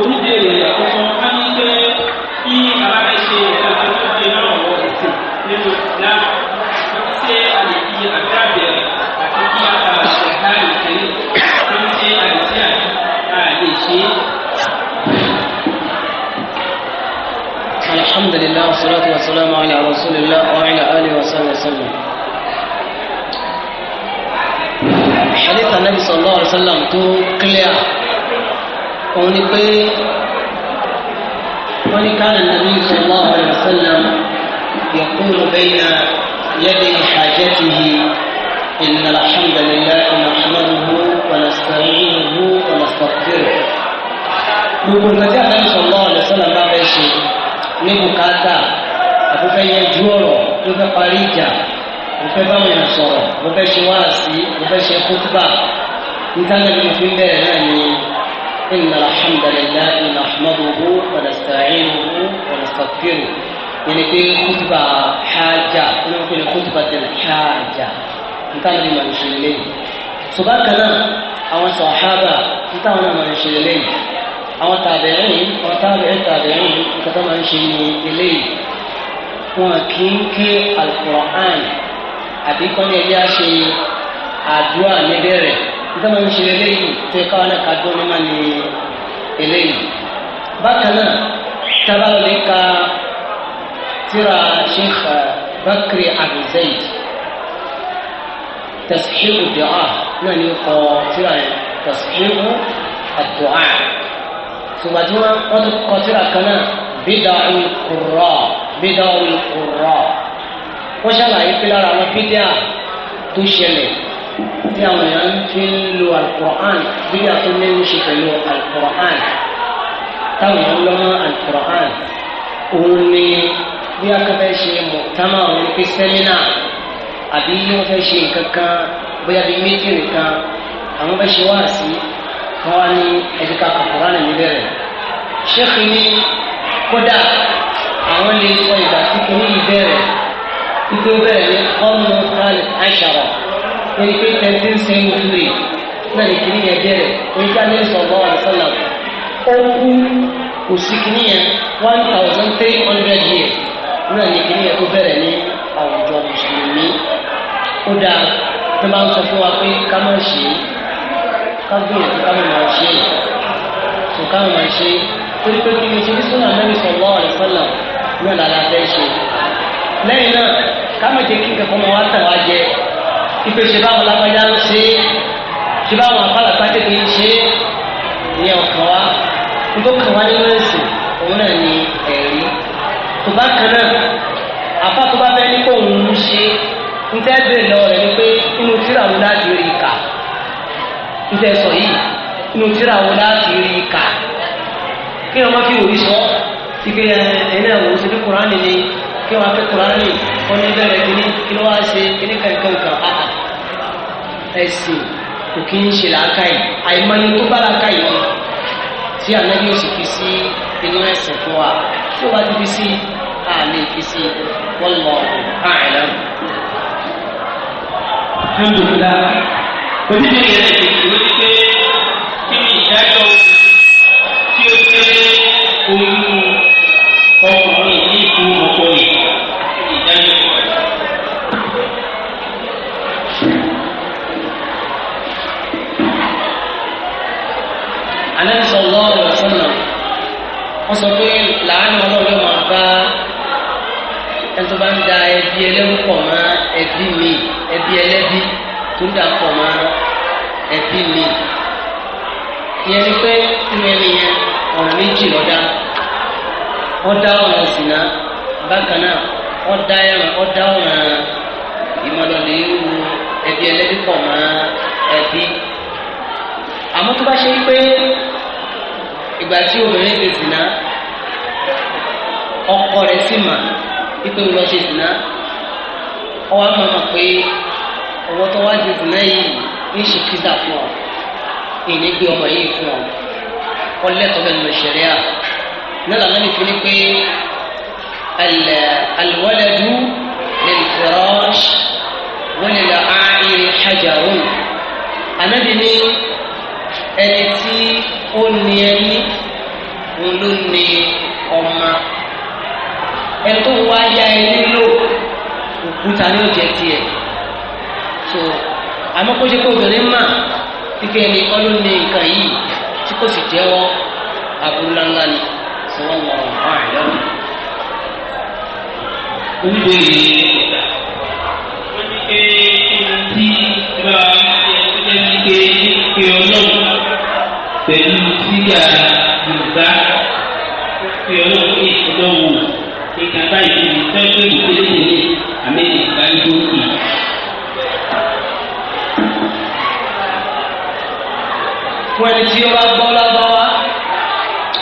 oníbèrè àkọ́kọ́ á ní pé kí alábẹ́ṣe àtúnṣe náà wọ ètò nínú ìlà ṣé a lè fi àbẹ́rẹ́ bẹ̀rẹ̀ àti kí a ta ẹ̀ka ìkẹ́lẹ̀ tó ń ṣe àìsí àti àlè ṣe. الحمد لله والصلاة والسلام على رسول الله وعلى آله وصحبه وسلم حديث النبي صلى الله عليه وسلم تو clear òun ni pé wọ́n ní káàdà nàbí sallallahu alaihi wasallam yaqulu bayna yadi hajatihi inna alhamdulillahi nahmaduhu wa nasta'inuhu wa nastaghfiruh. gbogbo nǹkan tí àbẹ̀yìn sallallahu alaihi wasallam bá fẹ́ ṣe ní bùkátà àbúfẹ́ yẹn ju ọ̀rọ̀ tó fẹ́ parí ìjà mo fẹ́ bá wọn sọ̀rọ̀ mo fẹ́ ṣe wáàsí mo fẹ́ ṣe kútùbà nítorí mo fi ń bẹ̀rẹ̀ náà ni إن الحمد لله نحمده ونستعينه ونستغفره يعني في خطبة حاجة نقول خطبة الحاجة nǹkan ní ma ń ṣe lélẹ́yìn ṣùgbọ́n kan náà àwọn sọ̀hábà títà wọn náà ma ń ṣe lélẹ́yìn àwọn tàbẹ̀rìn àwọn tàbẹ̀rìn tàbẹ̀rìn nǹkan tó ma ń ṣe ní eléyìí wọn kì í ké alukur'an àbí kọ́ni ẹ̀yà ṣe àdúrà níbẹ̀rẹ̀ nígbà máa ń ṣe eléyìí tó yẹ káwọn náà ká dúró mímọ́ ni eléyìí. bákan náà tábà lè ka tíra sheikh bakri abdulzaid tasihiru du'a náà ní kọ tíra yẹn tasihiru du'a ṣùgbọ́n tí wọ́n kọ tíra kan náà bid'u qurra bid'u qurra wọ́n ṣàlàyé pé lára àwọn bídà tó ṣẹlẹ̀ tí àwọn èèyàn fi ń lo alukur'an bí àtúndé ń ṣe pẹ̀lú alukur'an táwọn èèyàn lọ́mọ alukur'an òun ni bí akẹ́fẹ́ ṣe mọ̀tàmá òun fi sẹ́mínà àbí wọ́n fẹ́ ṣe nǹkan kan bóyá bíi méjì nìkan àwọn fẹ́ ṣe wáàsí kan wá ní ẹ̀díkà alukur'an níbẹ̀ rẹ̀ ṣéèkì ni kódà àwọn lè sọ ìgbà tí kò ní ìbẹ̀rẹ̀ nítorí bẹ́ẹ̀ ni ọ̀nà kálí àṣàrọ̀ ẹni pé ẹtí ń sin gbogbo yìí náà ní kìnìún yẹn bẹ̀rẹ̀ oní kábí ń sọ̀rọ̀ wà sọ̀lá ó kú kò kìnìún yẹn one thousand three hundred years náà ní kìnìún yẹn tó bẹ̀rẹ̀ ní àwùjọ mùsùlùmí ó dáa tó máa ń sọ fún wa pé ká má ṣe é ká gbìyànjú ká má máa ṣe é kò ká má máa ṣe é torí pé kí ni ṣe ní sọ́nà náà ní sọ̀rọ̀ wà sọ̀lá náà làlá fẹ́ ṣe lẹ́yìn náà ká má jẹ́ kí nǹkan kan ipe ṣe báwọn lágbájá ń ṣe é ṣe báwọn apálàpá tètè ń ṣe ìyẹn ọ̀kan wa nítorí kan wá nínú ẹ̀sìn òun náà ni ẹ̀rí tó bá kan náà àfa tó bá fẹ́ ní kó òun ń ṣe ń tẹ́ bèrè lọ́wọ́ rẹ̀ ni pé inú tíra wo láti rí i kà ń tẹ́ sọ yìí inú tíra wo láti rí i kà kí ni wọ́n fi wòye sọ ibi ẹ̀yìn náà wò ó ṣe bí kùránì ni kí wọ́n á fẹ́ kùránì wọ́n ní bẹ̀rẹ̀ kíní kí ló wá ṣe kíní kankan kan ẹ̀sìn kò kí ń ṣe làákàyè àìmọye tó bá làákàyè wọn tí ànábì yóò sì fi sí inú ẹ̀sìn fún wa tí ó bá ti fi sí a lè fi sí wọn lọ àìlẹ. alhamdulilayi onídìrí yẹn lè fi wí pé kí ni ìdájọ́ tí ó jẹ́ ohun. wọ́n sọ pé làánà ọlọ́run máa bá ẹni tó bá ń da ẹbí ẹlẹ́rú pọ̀ mọ́ ẹbí mi ẹbí ẹlẹ́bí tó ń dà pọ̀ mọ́ ẹbí mi ìyẹn ni pé inú ẹni yẹn ọ̀nà méjì lọ́dá ọ̀dá ọ̀nà ìsìnà bákan náà ọ̀dá ẹ̀rọ ọ̀dá ọ̀nà ìmọ̀lọ́lẹ̀ ewu ẹbí ẹlẹ́bí pọ̀ mọ́ ẹbí àmọ́ tó bá ṣe pé ìgbà tí obìnrin ṣe sìnà ọkọ rẹ̀ sì mà pípé òun lọ ṣe sìnà ọwọ́ àmọ́ mọ̀ pé ọwọ́ tó wá ṣe sìnà yìí ń ṣe kíta fún ọ ìní gbé ọmọ yìí fún ọ ọlẹ́tọ̀ọ́ bẹ́ẹ̀ lọ ṣẹ̀rẹ́ à náà làwọn ènìyàn ni pé alwaladu lilfirash wa lil'a'iri hajarun ànábì ní ẹni tí ó ní ẹni òun ló ní ọmọ ẹni tó wá yá ẹni lò òkúta ní òjẹ tiẹ̀ so àmọ́ kó ṣe kó obìnrin mà kíkẹ́ ẹni kọ́ ló ní nǹkan yìí tí kò sì jẹ́wọ́ aburú ńláńlá ni sọ wọ́n wọ ọ̀hún àìlọ́wọ́ olùdó yìí wọ́n ti ké kí n ti gba ẹni tó jẹ́ ti ké ọlọ́run pẹ̀lú síyà yorùbá fi ọlọ́run ní ìdánwò nígbà báyìí ní tọ́jú ìdílé ní amẹ́ríkà yóò yìí. fún ẹni tí ó bá gbọ́ lábáwá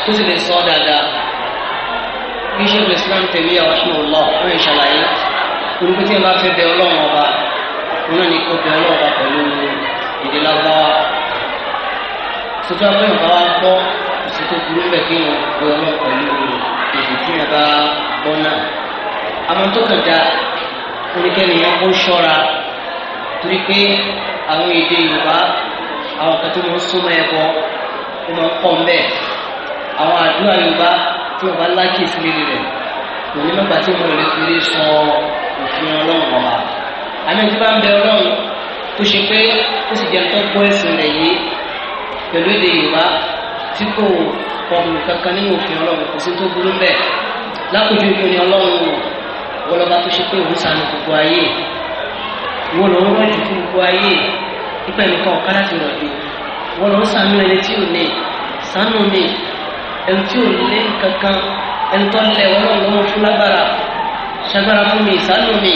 tó sì lè sọ ọ́ dáadáa bí ṣe lè Islam tẹ̀lé àwọn ṣe wò lọ fún ìṣàlàyé orúkọ tí ẹ bá fẹ́ bẹ ọlọ́run ọba òun náà ní kó bẹ ọlọ́run ọba pẹ̀lú ìdílábáwá tóbi àwọn èèyàn bá wá kọ́ ìṣe tó burú bẹ́ẹ̀ kí wọ́n gbé ọlọ́ pẹ̀lú èdè tí wọ́n bá gbọ́ náà. àwọn tó kàn dá oníkẹ́ni yẹn kó ṣọ́ra torí pé àwọn èdè Yorùbá àwọn kan tó máa ń súnmọ́ ẹ bọ́ ó máa ń pọ̀ ń bẹ́ẹ̀ àwọn àdúrà Yorùbá tí wọ́n bá lákèsí lédè rẹ̀ kò ní mẹ́gbàá tí wọ́n lè fi lè sọ òfin Ọlọ́run ọ̀la àmì ìdí bá ń bẹ Ọlọ́run tó ṣe pé ó sì jẹ́ tó gbọ́ pẹ̀lú èdè yorùbá tí kò pọ̀nù kankan nínú òfin ọlọ́run kò sí tó burú bẹ́ẹ̀ lápòjú ìlú ni ọlọ́run wọlọ́ba tó ṣe pé òun sànù gbogbo ayé wọn lọ rọ jù fún gbogbo ayé nípa ẹnìkan ọ̀ká láti rọ̀ jù wọn lọ sànù ẹni tí ò ní sànù mi ẹni tí ò lé kankan ẹni tó lẹ wọn lọ lọ́wọ́ fún lágbára ṣagbára fún mi sànù mi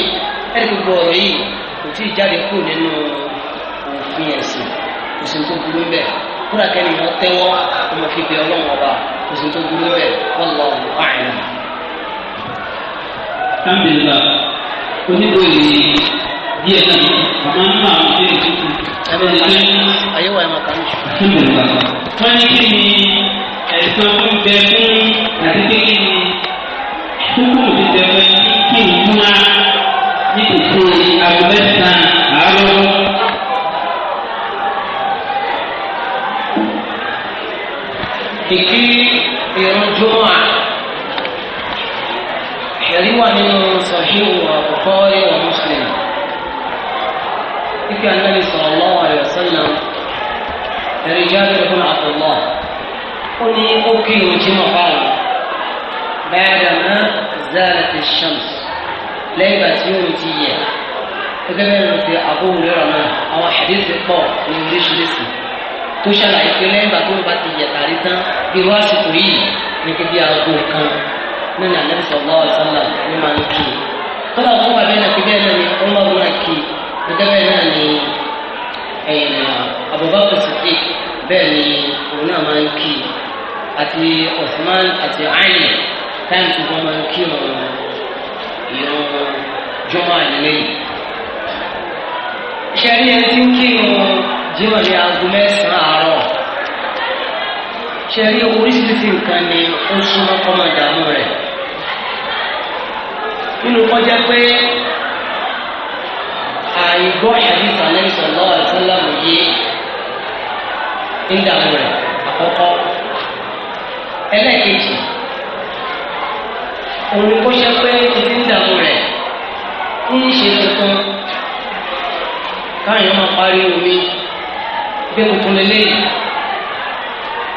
ẹni gbogbo ọ̀rọ̀ yìí kò tí ì jáde kúrò nínú òfin ẹ̀sìn kò sí tó burú bẹ́ẹ̀ kúrò kẹ́ni yọ tẹ́wọ́ kó máa fi bẹ ọlọ́run ọba oṣù tó burú rẹ̀ wallahu a'lam. alhamdulillah oníbòye díẹ̀ náà àmọ́ nínú àwọn ìbéèrè tuntun ẹ̀rọ ìgbẹ́ ayéwà ẹ̀ máa kàn mí. alhamdulillah wọ́n ní kí ni ẹ̀sọ́ ń bẹ fún àti ni kókó ti bẹ fún kí ni kúnra ní kòkó àbúrẹ́sán àárọ̀. الجمعة حديث من صحيح وبخاري ومسلم ذكر النبي صلى الله عليه وسلم لرجال بن عبد الله قل أوكي وجمع قال بعدما زالت الشمس ليلة يوم تيه وقبل في أبو هريرة أو حديث الطور من ريش الاسم tó ṣàlàyé pé lẹ́yìn ìgbà tó ń bá ti yẹ̀tàrí tán irú àsìkò yìí ní kébí aago kan nínú àlẹ́bí sọ̀lá ọ̀sánlá ní máa ń kí i. kọ́lá fún wa bẹ́ẹ̀ náà pé bẹ́ẹ̀ náà ni ó máa wúra kí i gẹ́gẹ́ bẹ́ẹ̀ náà ni Abubakar sèké bẹ́ẹ̀ ni òun náà máa ń kí i àti Osman àti aini táyà tó wọ́n máa ń kí ọ̀rọ̀ ìrọ̀ jọ́mọ́ àlẹ́ yìí ṣẹ́rí ẹni tí ń kírun jímọ̀ ní aago mẹ́sàn-án àárọ̀ ṣẹ́rí oríṣiríṣi nǹkan ni ó súnmọ́ kọ́mọ ìdààmú rẹ̀ nínú kọ́ jẹ́ pé àìgbọ́ ìyàbí ìfàlẹ́ ìsọ̀lọ́ àìsọ́lámù yé ń dààmú rẹ̀ àkọ́kọ́ ẹlẹ́ẹ̀kejì òun kó ṣe pé ti ń dààmú rẹ̀ ń ṣe tuntun. káwọn èèyàn máa pariwo mi bí tuntun lélẹ́yìí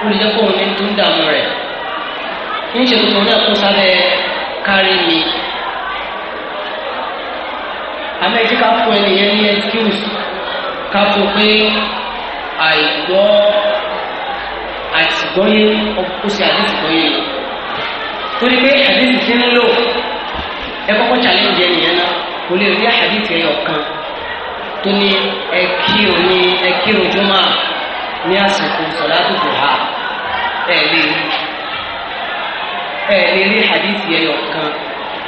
ó lè jẹ́ kó òun ní tó ń dààmú rẹ̀ ń ṣe tuntun náà kó kárí mi àmọ́ ẹ̀jẹ̀ ká fún ẹnìyẹn ní excuse ká fún pé àìgbọ́ àtìgbọ́yé pé lò ẹ kọ́kọ́ challenge ẹnìyẹn náà kò lè rí kan. tó ní ẹkí òní ẹkí ojúmọ́ ní àsìkò sọ̀látù duha ẹ̀ẹ́lì ẹ̀ẹ́lì rí hadithi ẹ̀yọ̀ kan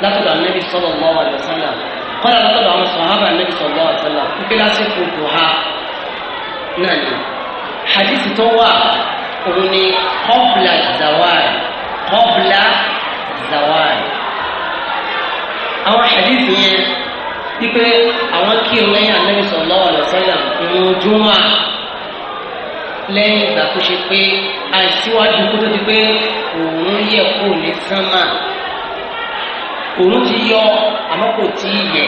látọ̀dọ̀ anábì sallallahu alaihi wasallam kọ́lá látọ̀dọ̀ àwọn sọ̀hábà anábì sallallahu alaihi wasallam wípé lásìkò duha náà ni hadithi tó wà òun ni qabla zawal qabla zawal àwọn hadithi yẹn wípé àwọn kírun lẹ́yìn Ànábì sallallahu alaihi wasallam ìrun júmọ́ lẹ́yìn ìgbà tó ṣe pé àìsíwájú kó tó di pé òun yẹ kó ní sánmà òun ti yọ àmọ́ kò tí ì yẹ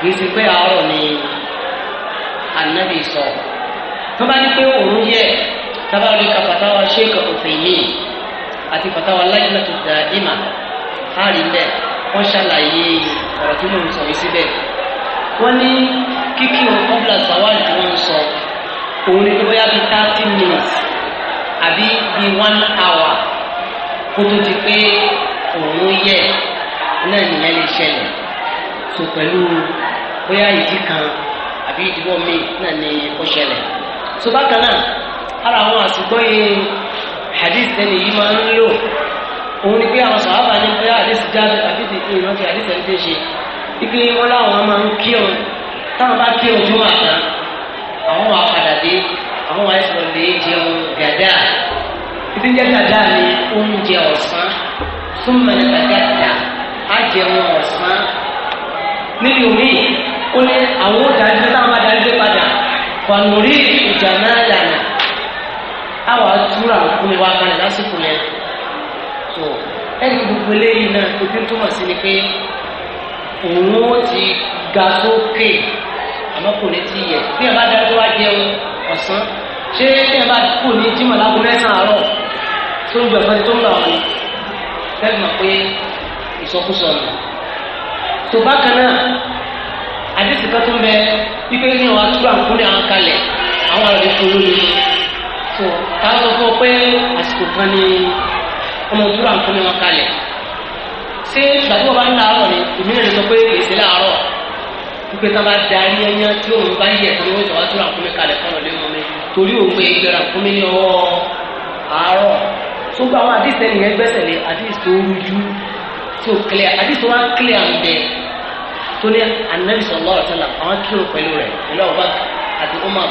kì í ti pé àárọ̀ ni Ànábì sọ tó bá ní pé òun yẹ tábàlì ka fatawa Sheikh Uthaymeen àti fatawa lajnatu da'ima hàrí bẹ́ẹ̀ wọ́n ṣàlàyé ọ̀rọ̀ tí mò ń sọ yìí síbẹ̀ wọ́n ní kíkí wọn kọ́bùlà sàwáàlì tí wọ́n ń sọ òun ni bóyá bíi thirty minutes àbí bíi one hour kó tó ti pé òun yẹ náà nìyẹn lè ṣẹlẹ̀ tó pẹ̀lú bóyá ìdí kan àbí ìdíwọ́ mi náà ni ó ṣẹlẹ̀ tó bákan náà ara àwọn àsìgbọ́ yìí hadith ẹni yìí máa ń lò òun ni pé àwọn sàábà ní pé àdéhùn jáde tàbí ìdíje ìwọ́n fi àdéhùn ẹni fi ṣe ipe wọn láwọn máa ń kí ọ̀n táwọn bá kí ọjọ́ àná àwọn wà padà dé àwọn wà ẹ̀sìn lọ́dẹ jẹun gàdá ibi ń jẹ́ gàdá ni oúnjẹ ọ̀sán fún mẹ́ta gàdá á jẹun ọ̀sán níbi omi ó ní àwọn òdájú táwọn adarí dé padà kọ̀nùrí ìjà náà yàrá àwọn àtúrà òkú mi wá kalẹ̀ lásìkò yẹn tó ẹni gbogbo eléyìí náà ojú túmọ̀ sí ni pé òun ó ti ga sókè àmọ́ kò ní ti yẹ bí ẹ bá dájú wá jẹun ọ̀sán ṣé bí ẹ bá kù ní jímọ̀ lágbo mẹ́sàn-án àárọ̀ tó ń gbẹ ọ̀sán tó ń gbà wọn fẹ́ẹ́ mọ̀ pé ìsọkúsọ nù. tó bákan náà àdéhùn kan tó ń bẹ wípé ní àwọn atúrà ń àwọn kalẹ̀ àwọn àròlé fún olóyún tó ká sọ fún ọ pé àsìkò kan ni ọmọ òwúrọ̀ nǹkan ni wọ́n kalẹ̀ ṣé ìgbà tí wọ́n bá ń láàárọ̀ ni ìmíràn lè sọ pé èsì láàárọ̀ wípé tá a bá da ẹni ẹni tí òun bá yẹ kí wọ́n ìjọba túra nǹkan mi kalẹ̀ fún ọ̀lẹ́ wọn ni torí òun pé ìgbéra nǹkan mi ní ọwọ́ àárọ̀ tó gba àwọn àdìsẹ́ nìyẹn gbẹ́sẹ̀ lé àdìsẹ́ tó rújú tó kílẹ̀ àdìsẹ́ wọn kílẹ̀ à ń bẹ̀ tó ní anabi sallallahu alaihi wasallam àwọn kírun pẹ̀lú rẹ̀ pẹ̀lú Abubakar àti Umar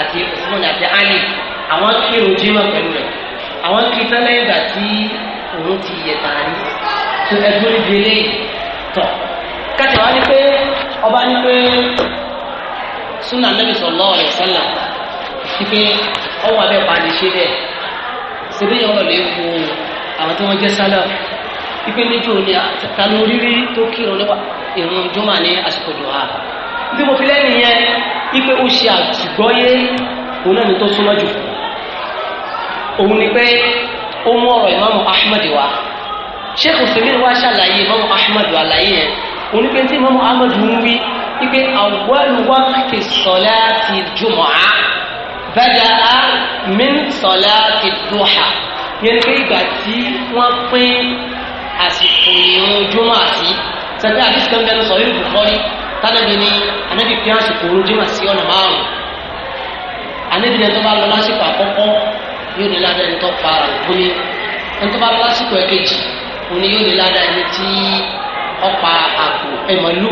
àti Usman àti Ali àwọn kírun jimá pẹ̀lú rẹ̀ àwọn kì í tán lẹ́yìn ìgbà tí òun ti yẹ tààrí tó ẹgbẹ́ oníbi eléyìí tọ̀ kájà wá ní pé ọba ní pé súnà Nabi sallallahu alaihi wasallam ní pé ọwọ́ abẹ́ pa lè ṣe bẹ́ẹ̀ ṣebí yẹn wọ́n lè wo àwọn tí wọ́n jẹ́ sálà ipe níjó ni àtàlù rírí tó kírun nípa ìrun jùmọ̀ ní àsìkò jù wá bí mo fi lẹ́nu yẹn ipe ó ṣe àtìgbọ́yé òun náà ni tó súnmọ́ jù fún un òun ni pé ó mú ọ̀rọ̀ ìmáàmù Ahmed wá sheikh usman wá ṣàlàyé ìmáàmù Ahmed wá láyé yẹn òun ni pé tí ìmáàmù Ahmed ń wí wípé awwalu waqti salati jumu'a bada'a min salati duha yẹn ni pé ìgbà tí wọ́n pín àsìkò ìrun jùmọ̀ àti sẹ́gbẹ́ àti sẹ́gbẹ́ mẹ́rin sọ̀rọ̀ ìlú Bukhari tánàbí ni anábì fi àsìkò ìrun jùmọ̀ sí ọ̀nà márùn-ún anábì ni ẹni tó bá lọ lásìkò àkọ́kọ́ yóò ní ládàá ẹni tó pa òkúni ẹni tó bá lásìkò ẹ̀kejì òní yóò ní ládàá ẹni tí ọ̀pá àgbò ẹ̀mọ̀lù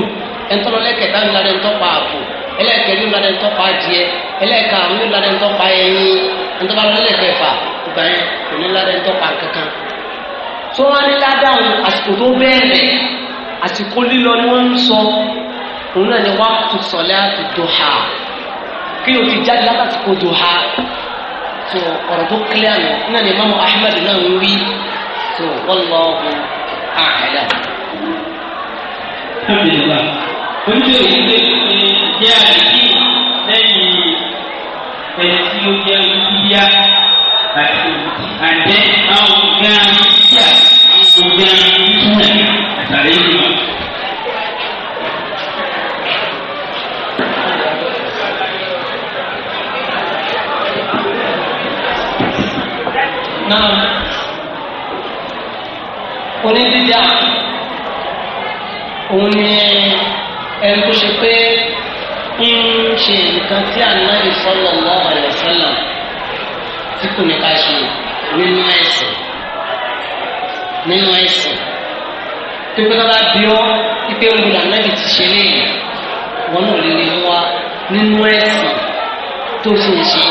ẹni tó lọ lẹ́kẹ̀ẹ́ta ní ládàá ẹni tó pa àgbò ẹlẹ́kẹ̀ẹ́ni ní ládàá ẹni tó pa adìẹ ẹlẹ́kàrún ní ládàá ẹni tó pa ẹyin ẹni tó bá lọ lẹ́kẹ̀ẹ́fà ìgbà yẹn òní ládàá ẹni tó pa kankan tó wá ní ládàá òun àsìkò tó bẹ́ẹ̀rẹ̀ àsìkò lílọ ni wọ́n ń sọ òun náà ni wàá tó sọ̀lẹ́ o ti jáde látàsìkò dùhà so ọ̀rọ̀ tó kílẹ̀ àná náà ni mamu ahmed náà ń rí so wallahu a'lam. alhamdulillah ojú ìwé jẹ́ àìsí lẹ́yìn ẹni tí ó jẹ́ olùdíyà àti àjẹ́ àwọn ọ̀gá ìyá ọ̀gá ìtúnẹ̀ àtàlẹ́yìn náà. náà onídìjà òun ni ẹni tó ṣe pé ń ṣe nǹkan tí ànábì sallallahu alaihi wasallam tí kò ní ká ṣe nínú ẹ̀sìn nínú ẹ̀sìn tó pé tọ́lá bí ọ́ ipe ń gbọdọ̀ ànábì ti ṣe léyìn wọn náà lè lè wá nínú ẹ̀sìn tó fi ń ṣe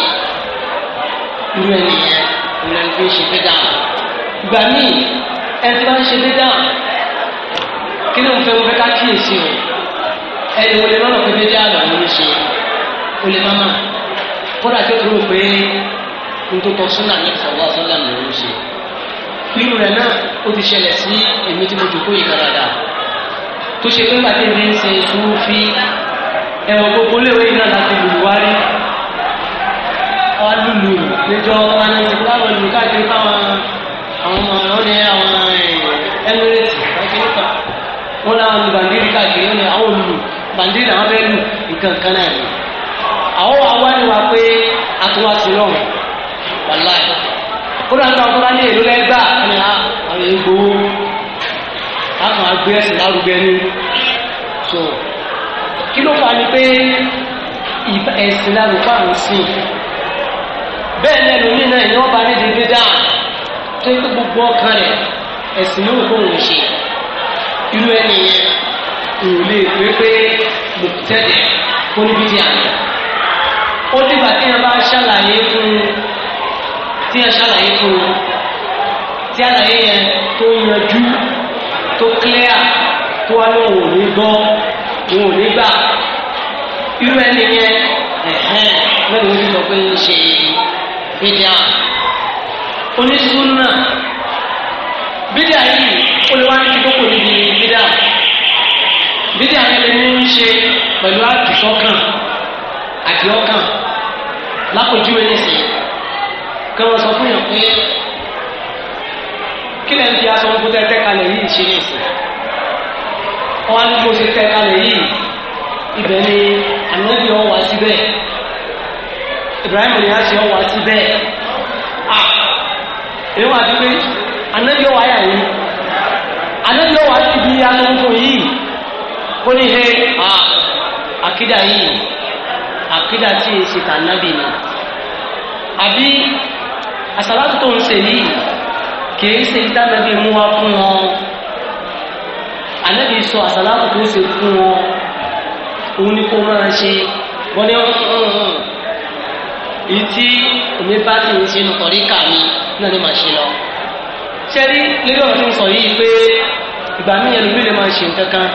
irú ẹni yẹn ìlànà ìgbé ṣe dé dáhùn ìgbà míì ẹni bá ń ṣe dé dáhùn kí ló ń fẹ́ wọ́n fẹ́ ká kíyèsí o ẹni wo lè má fi dé dáhùn àwọn oníṣe o lè má má kódà tó dúró pé ntòkọ súnà ní ìfọwọ́ sọ́dà ní oníṣe irú rẹ̀ náà ó ti ṣẹlẹ̀ sí èmi tí mo jòkó yìí kàdàdà tó ṣe pé pàtẹ́ẹ̀mí ń ṣe tó fi ẹ̀wọ̀n gbogbo léwé náà láti lù ọwọ́ lùlù níjọ ọwọ́ anẹ́sẹ̀ láwọn lùlù káàkiri fáwọn àwọn ọmọ ọ̀rọ̀ ní àwọn eh, Emirates ọ̀kẹ́ nípa wọn láwọn lù bàndírì káàkiri wọn ni àwọn lù bàndírì àwọn bẹ́ẹ̀ lù nǹkan kan náà ni. àwọn àwa ni wà pé àtúwàsí lọ́wọ́ wàláì kódà tó àkọ́kọ́ ní èlò lẹ́gbà ni ah, àwọn èèbò àwọn àgbẹ̀ ẹ̀sìn lárugẹ ní so kí ló fà ní pé ẹ̀sìn lárugẹ àwọn sí i bẹ́ẹ̀ ni ẹlòmí náà ni wọ́n bá ní dídí dáa tó yẹ kó gbogbo ọkàn rẹ̀ ẹ̀sìn ní òkú òun ṣe irú ẹni yẹn ìrò lè pé pé mo tẹ́lẹ̀ ó níbi díà ó dìgbà tí wọ́n bá ṣàlàyé fún tí wọ́n ṣàlàyé fún tí àlàyé yẹn tó yanjú tó clear tó wá ní òun ò ní gbọ́ òun ò ní gbà irú ẹni yẹn ẹ̀hẹ́n mẹ́rin ó ti sọ pé ń ṣe bídíà onísùnà bídíà yìí olùwárí ti kókò níbi bídíà bídíà yìí lè ní í ṣe pẹ̀lú àdìsọ́kàn àdìọ́kàn lápòjúwe nísìnyí kí wọ́n sọ fún yàn pé kí lẹ́yìn tí a sọ fún tẹ́tẹ́ kalẹ̀ yìí ṣe nísìnyí wọ́n á ní kó ṣe tẹ́ kalẹ̀ yìí ibẹ̀ ni ànábì ọ̀ síbẹ̀. ibrahim ni a ṣe ọ wá sí bẹ́ẹ̀ à ah, èyí wà pípé anábì ọwà yà yìí anábì ọwà ti di anúgbò yìí kó ní he à ah, àkídà yìí àkídà tí e ṣe ni àbí àṣàlátù ń ṣe yìí ṣe mú wa fún wọn sọ àṣàlátù tó ṣe fún wọn òun ni máa ṣe wọn èyí tí èmi bá ti ń ṣe nùtọ̀rí kà mí náà ni màá ṣe lọ. ṣé rí lórí ọ̀rọ̀ tí mo sọ yìí pé ìgbà mí mi lè máa ṣe nǹkan kan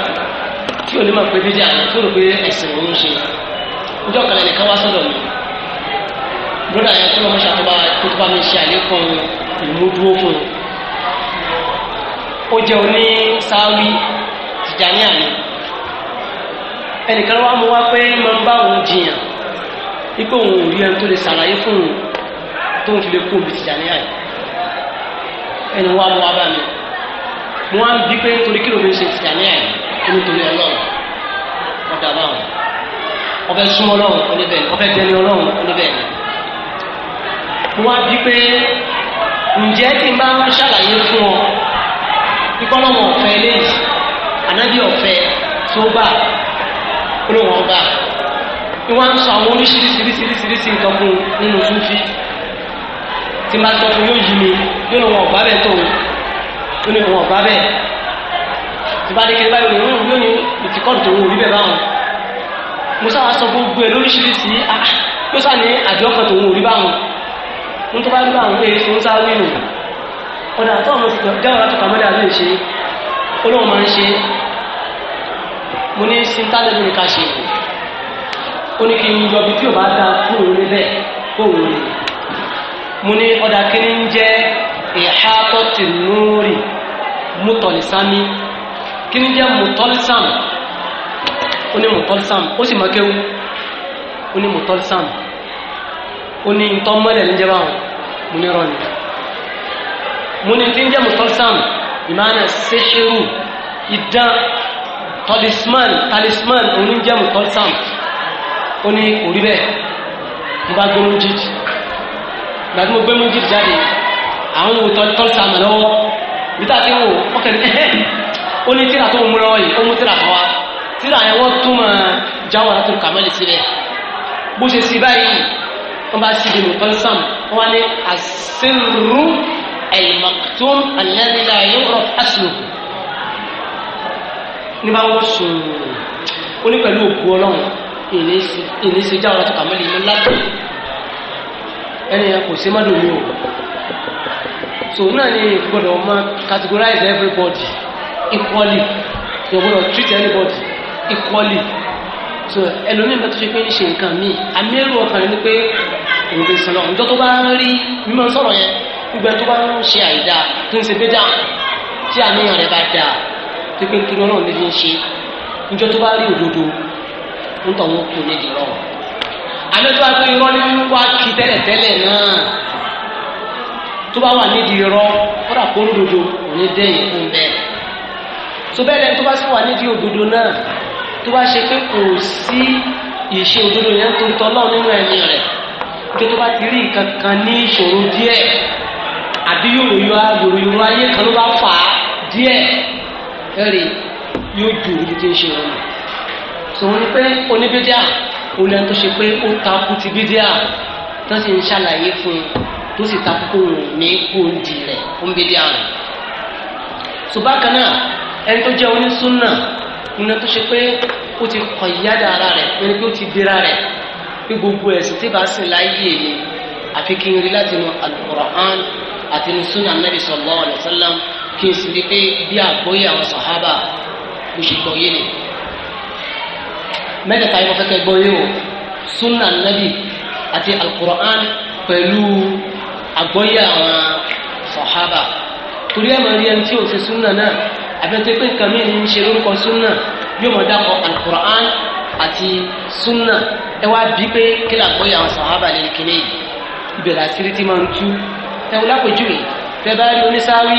tí o ní máa pé bíjà àná tó rò pé ẹ̀sìn ló ń ṣe. ọjọ́ kan wá sọ́dọ̀ mi. yẹn tó lọ́mọ tó bá mi ṣe àlékún ìmúdúró ipò òun ò rí ẹni tó lè ṣàlàyé fún un tóun fi lè kó omi ti dàníyà yìí ẹni wá mú wá bá mi mo wá ń bí pé torí kí ló fi ń ṣe ti dàníyà yìí kí ló torí ọlọ́run ọ̀dà báwọn ọbẹ̀ súnmọ́ ọlọ́run oníbẹ̀ ọbẹ̀ dẹni ọlọ́run oníbẹ̀ mo wá bí pé ǹjẹ́ tí n bá ń ṣàlàyé fún ọ ìkọ́lọ́wọ̀n ọ̀fẹ́ lẹ́yìn ànábì ọ̀fẹ́ tó bá olóhùn ọba ni wọ́n ń sọ àwọn oríṣiríṣiríṣiríṣi nǹkan fún nínú súnfí tí máa tọ́ fún yóò yí mi nínú wọn ọ̀bá bẹ́ẹ̀ tó nínú wọn ọ̀bá bẹ́ẹ̀ tí bá dékè báyìí òun yóò ní ìtìkọ́ tó wù ríbẹ̀ báwọn mo sáwà sọ gbogbo ẹ̀ lóríṣiríṣi ló ah, sá ní àjọkọ̀ tó wù rí báwọn ń tó bá rí báwọn pé èso ń sá wínú ọ̀dà tó ọmọ ìgbà dáwọ̀ látọ̀kà mọ́dà ló ń ṣe olóhùn máa ń ṣe mo ní sintálẹ́bù ní ká ṣe ó ní kí n yọ bí tí ò bá da kúrò níbẹ̀ kó wò ó mo ní ọ̀dà kíní ń jẹ́ ìhátọ́tì núrì mútọ̀lísámi kíní jẹ́ mútọ́lísàm ó ní mútọ́lísàm ó sì máa kéwu ó ní mútọ́lísàm ó ní ntọ́ mọ́lẹ̀ níjẹ́ báwọn mo ní rọ́ọ̀nì mo ní tí jẹ́ mútọ́lísàm ìmáàna sẹ́ṣẹ́rù ìdán talisman talisman oníjẹ́ mútọ́lísàm ó ní kò rí bẹ́ẹ̀ mo bá gbé mojid ìgbà tí mo gbé mojid jáde àwọn ohun tó tọ́ sàmì lọ́wọ́ bí tá a ti ń wò ó kẹ́ni ó ní tíra tó ń mú lọ́wọ́ yìí ó mú tíra kan wá tíra yẹn wọ́n tún mọ̀ jáwọ́ látò kàmẹ́lì sílẹ̀ bó ṣe sí báyìí wọ́n bá sí ìdìbò tó ń sàm wọ́n wá ní àṣírú ẹ̀yìnmọ̀tún alẹ́nilá yóò rọ̀ ẹ̀sùn ní bá wọ́n sùn ó ní pẹ̀lú òkú ọlọ́run ìníṣe jáwọn àti kàmílì inú lápẹ́ ẹni yẹn kò sí mọ́dún mi o so náà ni gbọ́dọ̀ máa categorize everybody equally you gbọ́dọ̀ treat anybody equally so ẹlòmíì bá tó ṣe pé ń ṣe nǹkan míì àmì ẹrù ọkàn ni pé òun ti sọ̀rọ̀ ọjọ́ tó bá ń rí mímọ́ sọ̀rọ̀ yẹn gbogbo ẹni tó bá ń ṣe àìdá tó ń ṣe bẹ́ẹ̀ dáa tí àníyàn rẹ bá dáa pípé nítorí ọlọ́run lè fi ń ṣe níjọ́ tó bá rí òdodo ńtọ̀ wọn kú ní ìdìrọ̀ àmẹ́tọ́ àti irọ́ ní wíwá kí tẹ́lẹ̀tẹ́lẹ̀ náà tó bá wà nídìí irọ́ kódà kó lódodo òní dẹ́yìn fún bẹ́ẹ̀ tó bẹ́ẹ̀ lẹ́nu tó bá sì wà nídìí òdodo náà tó bá ṣe pé kò sí ìṣe òdodo yẹn nítorí tọ́lọ́ nínú ẹ̀mí rẹ̀ kí tó bá ti rí nǹkan kan ní ìṣòro díẹ̀ àbí yòrò yọ yòrò yòrò ayé kan ló bá fà á díẹ̀ ẹ̀rì yóò ju òdodo tí ń ṣe wọn nù sòun ni pé oníbídíà olùyẹn tó ṣe pé ó takú ti bídíà tó sì ń ṣàlàyé fún un tó sì takú kó òun ní kóńdì rẹ̀ ó ń bídíà rẹ̀ ṣùgbọ́n kan náà ẹni tó jẹ́ onísúnà olùyẹn tó ṣe pé ó ti kọ̀ ìyáda ara rẹ̀ ẹni pé ó ti dira rẹ̀ pé gbogbo ẹ̀sìn tí bá sìn láyé mi àfi kí n rí láti inú alukur'an àti inú sunan nabi sallallahu alayhi wa sallam kí n sì rí pé bí àgbóyè àwọn sàhábà bó ṣe gbọ́ yé ni mẹ́tẹ̀ẹ̀ta yìí wọ́n fẹ́ kẹ́ gbọ́ yìí o sunna nabi àti alukur'an pẹ̀lú àgbọ́yé àwọn sọ̀hábà torí ẹ̀ máa rí ẹni tí ò ṣe sunna náà àbẹ̀tẹ̀ pé nǹkan mìíràn ń ṣe lórúkọ sunna yóò máa dákọ̀ alukur'an àti sunna ẹ wá bí pé kí lè àgbọ́yé àwọn sọ̀hábà lè kéde ìbẹ̀rẹ̀ àṣírí ti máa ń tú ẹ wọlé àpèjúwe fẹ́ bá rí onísáwí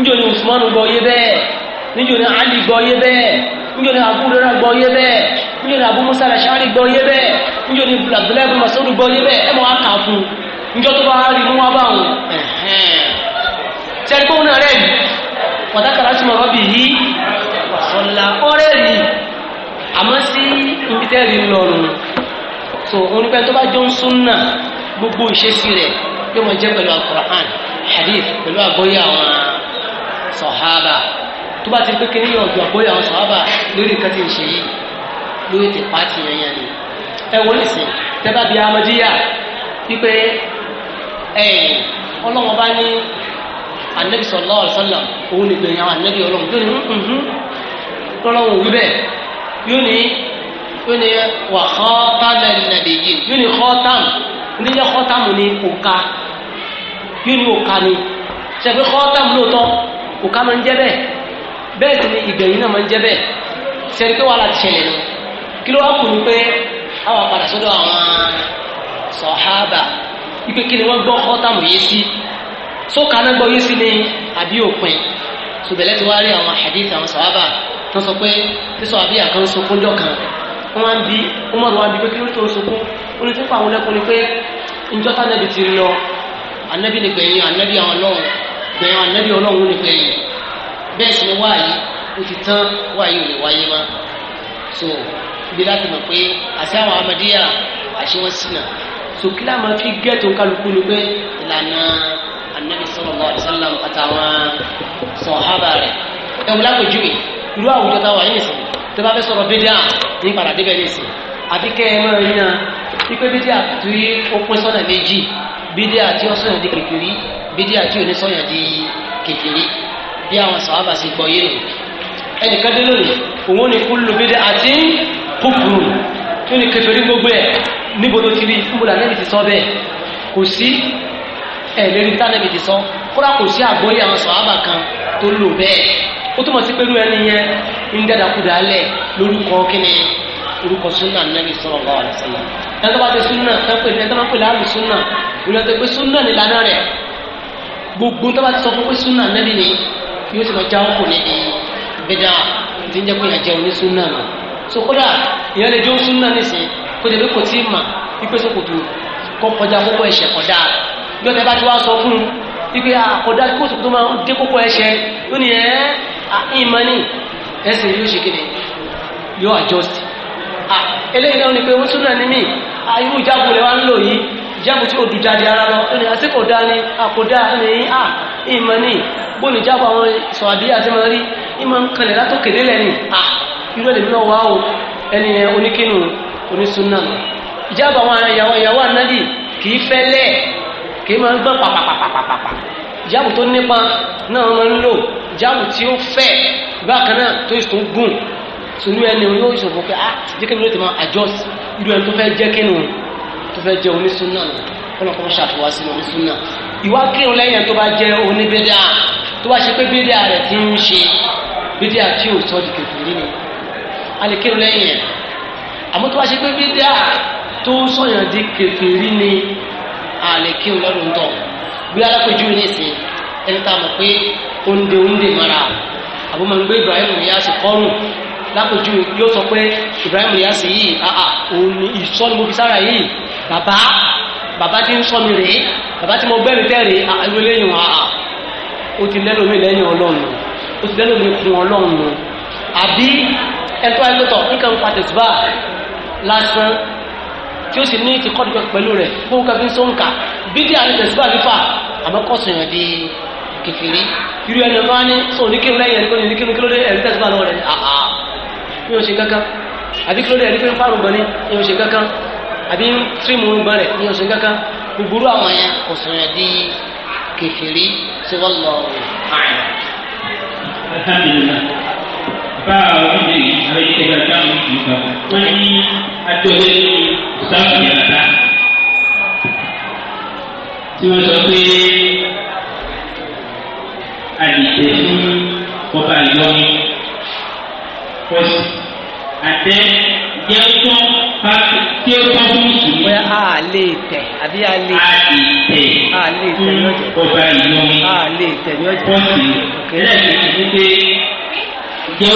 níjọ́ ni Usman gbọ́ yé bẹ́ẹ̀ níjọ́ ni Ali gbọ́ yé bẹ́ẹ̀ níjọ́ ni Abu Dara gbọ́ yé bẹ́ẹ̀ níjọ́ ni Abu Musa Al-Ash'ari gbọ́ yé bẹ́ẹ̀ níjọ́ ni Abdullahi bin Mas'ud gbọ́ yé bẹ́ẹ̀ ẹ mọ̀ á kà fún níjọ́ tó bá rí mú wá bá wọn. sẹ́ni kóhùn náà yìí pàtàkàrà sí mọ̀ rọ́bì yìí ọ̀la ọ̀rẹ́ rí àmọ́ sí ìbítẹ́rì lọ́rùn so onípẹ́ tó bá jọ ń súnnà gbogbo ìṣesí rẹ̀ yóò máa jẹ́ pẹ̀lú Al-Qur'an hadith pẹ̀lú àgbọ́yé àwọn sọ̀hábà tó bá ti pé kí ní ọ̀dọ̀ àgbóyè àwọn sọ̀hábà lórí nǹkan tí ń ṣe yìí lórí ti pàtì yẹn yẹn ni ẹ wọ́n lè sìn tẹ́bá bíi amadíyà wípé ẹ̀yìn ọlọ́wọ́n bá ní anabi sallallahu alaihi wasallam òun lè gbẹ̀yìn àwọn anabi ọlọ́wọ́n tó ní ọlọ́wọ́n wí bẹ́ẹ̀ yóò ní yóò ní wà khataman nabiyyin yóò ní khatam oníjẹ́ khatam ní òka yóò ní òka ni ṣẹ̀fẹ̀ khatam kò ká máa ń jẹ́ bẹ́ẹ̀ bẹ́ẹ̀ sì ni ìgbẹ̀yìn náà máa ń jẹ́ bẹ́ẹ̀ sẹ́ni pé wàhálà ti ṣẹlẹ̀ nù kí ló wá kù ni pé àwọn padà sọ́dọ̀ àwọn sọ̀hábà wípé kí ni wọ́n gbọ́ ọ́tàmù yé sí sókà náà gbọ́ yé sí ni àbí òpin ṣùgbẹ́lẹ́ ti kan wọ́n máa ń wọ́n máa ń wá pé kí ló tó ní tó fà wọn lẹ́kùn ni pé bẹ̀rẹ̀ ànábì ọlọ́run ní pẹ̀lú bẹ́ẹ̀ sì ni wáyé ó ti tán wáyé ò lè wáyé má so ibi láti mọ̀ pé àti àwọn amadíyà àti wọn ṣìnà so kí láà máa fi gẹ́ẹ̀tì kálukú ni pé ìlànà ànábì sallallahu alaihi wasallam àtàwọn sọ̀hábà rẹ̀ ẹ̀wọ̀n lápèjúwe irú àwùjọ táwọn ayé ìsìn tó bá fẹ́ sọ̀rọ̀ bídíà ní padà débẹ̀ ní ìsìn àbí kẹ́ ẹ máa yan wípé bídí àti ó pín sọ́nà méjì bídí àti ó sọ̀yàn di kékeré bídí àti ò ní sọ̀yàn di kékeré bí àwọn sàhábà sì gbọ́ yé nù ẹnìkan dé lónìí òun ni kúlù bídí àti kúkúrú ó ní kékeré gbogbo ẹ̀ níbo ló ti rí níbo làná ibi ti sọ bẹ́ẹ̀ kò sí ẹ̀ẹ́dẹ́rì tánà ibi ti sọ kódà kò sí àgbọ́yé àwọn sàhábà kan tó lò bẹ́ẹ̀ ó túmọ̀ sí pé irú ẹni yẹn ń dẹ́dàkúdà lẹ̀ lórúkọ kíni orúkọ súnà nẹ́bí sallallahu alaihi wasallam ẹni tó bá ti súnà tẹ́pẹ́ ẹni tó bá pè láàrú súnà ìlú ẹni tó pé súnà ní lànà rẹ̀ gbogbo tó bá ti sọ fún pé súnà nẹ́bí ni yóò sì máa jáwọ́ kò ní bídà tí ń jẹ́ pé ìyàjẹ́ òní súnà nù so kódà ìyẹn lè jó súnà nísìn kó jẹ́ pé kò tí ì mà ipe sókòtò kọ́ kọjá kókó ẹ̀ṣẹ̀ kọjá bí ọ̀tẹ̀ bá ti wá sọ fún un ipe àkọ́dá kó sókòtò máa dé kókó ẹ̀ṣẹ̀ ó ní ẹ̀ ni ẹ̀sìn yóò ṣe kéde yóò adjust à ah, eléyìí náà ni pé wọ́n súnà ní mí à ah, irú ìjábù rẹ̀ wá ń lò yìí ìjábù tí ó dùn jáde ara lọ ẹni àti kò dá ni àkòdá ẹni à ìmọ̀ ni ah, bóni ìjábù àwọn sọ̀rọ̀bí àti mọ̀ rí ìmọ̀ ń kalẹ̀ látòkè délẹ̀ ni à irú ẹ̀lẹ́mí náà wá o ẹni oníkínu onísúnà ìjábù àwọn ìyàwó ìyàwó ànábì kì í fẹ́ lẹ̀ kì í máa ń gbọ́n pàpàpàpàpàpà ìjábù tó nípa náà máa ń lò ìjábù tí ó fẹ́ bákan náà tó ìsún gùn sùnú ẹni yóò ṣòro pé ah jẹ́ kí ló ti máa adjust irú ẹni tó fẹ́ jẹ́ kí nù tó fẹ́ jẹ́ onísúnà nù kọ́nà kọ́ ṣàfihàn sínú onísúnà ìwà kírun lẹ́yìn tó bá jẹ́ oníbẹ́dà tó bá ṣe pé bídíà rẹ̀ ti ń ṣe bídíà tí ò sọ́ di kékeré ni a lè kírun lẹ́yìn ẹ̀ àmọ́ tó bá ṣe pé bídíà tó sọ̀yàn di kékeré ni a kírun lọ́dún tọ̀ bí alápèjú ní ìsìn ẹni mara àbúmọ̀ ń gbé Ibrahim ìyá ṣe lápòjú yóò sọ pé Ibrahim Inyasi yìí àà ah, ah, òun ni ìsọ́ ni mo fi sára yìí bàbá bàbá tí ń sọ mi rèé bàbá tí mo gbẹ́mi tẹ́rèé àwọn ah, eléyìn àà ó ti lẹ́lòmí lẹ́yìn ọlọ́run ó ti lẹ́lòmí fún ọlọ́run àbí ẹ̀tọ́ ẹ̀lọ́tọ̀ nǹkan ń pàtẹ́ síbà lásán tí ó sì ní ti kọ́dùkọ́ pẹ̀lú rẹ̀ fún kẹfí sóńkà bídí àti tẹ̀síbà fífà àmọ́ kọ́sùn yàn di kẹfìrí irú ẹni ọba ní sọ oníkírun lẹ́yìn ẹni kó ní oníkírun kí ló dé ẹ̀rí tẹ̀síbà lọ́wọ́ rẹ̀ àà ní oṣù kankan àbí kí ló dé ẹni pé ń fárùn gbọ́n ní ní oṣù kankan àbí ń tírìmù gbọ́n rẹ̀ ní oṣù kankan gbogbo àwọn yẹn kò sọ̀rọ̀ di kẹfìrí tí wọ́n lọ àyàn. bá a wọ́n lè ṣe ìṣẹ́jà táwọn ìlú kan tí wọ́n sọ pé àdìsẹ́ fún ọba ìlọrin pọ́sì. àṣẹ jẹ́ tọ́ káàkiri tí ó tọ́ fún ìsìn. bóyá a lè tẹ̀ àbí a lè tẹ̀ a lè tẹ̀ ní ọjọ́ ọba a lè tẹ̀ ní ọjọ́ pé jẹ́ fún ní ilé wọ́n jẹ́ fún ní kí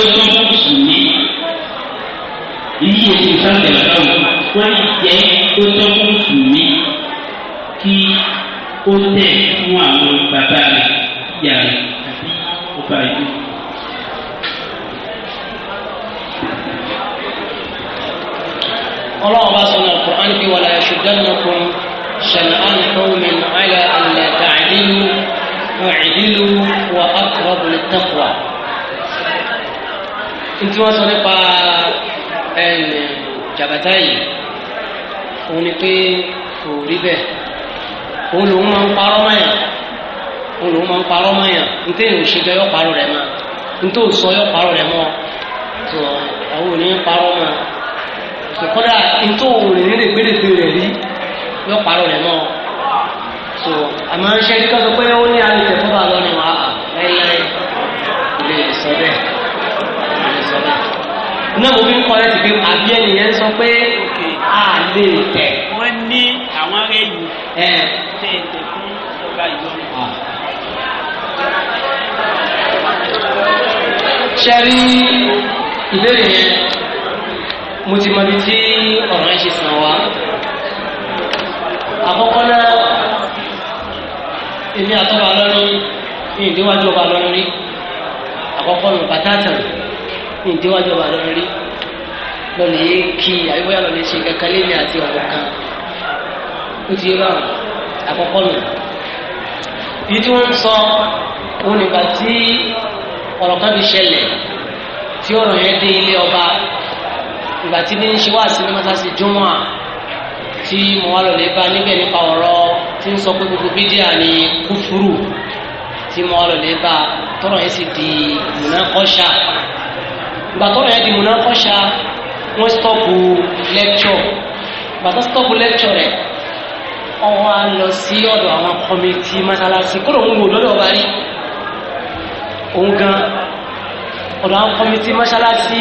ó tẹ̀ fún àwọn bàbá rẹ̀ yàrá ọba ọlọ́run bá sọ náà kùránì pé wala yashuddannakum shan'anu qawmin ala alla ta'dilu i'dilu wa aqrabu lit-taqwa. ntí wọ́n sọ nípa jàbátá yìí òun ni pé kò rí bẹ́ẹ̀ òun lòun máa ń parọ́ mọ́yàn òun lòun máa ń parọ́ mọ́yàn ntẹ́ yìí ò ṣe jọ yọ parọ́ rẹ̀ mọ́ ntẹ́ ò sọ yọ parọ́ rẹ̀ mọ́ tó àwọn ò ní parọ́ mọ́ kódà ètò òun rẹ̀ nílé gbédègbè rẹ̀ rí yọ parọ́ rẹ̀ náà so àmọ́ ṣe kí wọ́n sọ pé ó ní alẹ́ tẹ̀fọ́ bá lọ́nà wà á láíláí ilé ìsọ bẹ́ẹ̀ ilé ìsọ bẹ́ẹ̀. iná mo fi ń kọ́ ẹ ti fi àbí ẹnìyẹn sọ pé a lè tẹ̀. wọ́n ní àwọn ará ìlú tẹ̀ tẹ̀ fún ọba ìlú. ṣe ìbéèrè yẹn mo ti mọ ibi tí ọ̀rọ̀ ẹ̀ ṣe sàn wá àkọ́kọ́ náà èmi àtọ́ba lọ́rin ní ìdíwájú ọba lọ́rin rí àkọ́kọ́ nù pàtàkì ní ìdíwájú ọba lọ́rin rí lọ́lẹ̀ yé kí àyíwáyà lọ́lẹ̀ ṣe kankan lé ní àti ọ̀rọ̀ kan ó ti rà àkọ́kọ́ nù èyí tí wọ́n ń sọ òun nígbà tí ọ̀rọ̀ kan fi ṣẹlẹ̀ tí ọ̀rọ̀ yẹn dé ilé ọba ìgbà tí ní ń ṣe wá sí ní mọ́sáàsì júmọ́ tí mo wá lọlé bá níbẹ̀ nípa ọ̀rọ̀ tí ń sọ pé gbogbo bídíà ni kúfúrú tí mo wá lọlé bá tọrọ yẹn sì di múnákọ́ṣà ìgbà tọrọ yẹn di múnákọ́ṣà wọ́n stọ́pù lẹ́kṣọ̀ ìgbà tó stọ́pù lẹ́kṣọ̀ rẹ̀ ọwọ́ á lọ sí ọ̀dọ̀ àwọn kọ́mítì mọ́sálásí kúrò ń wò lọ́dọ̀ ọba òun gan ọ̀dọ̀ àwọn kọ́mítì mọ́sálásí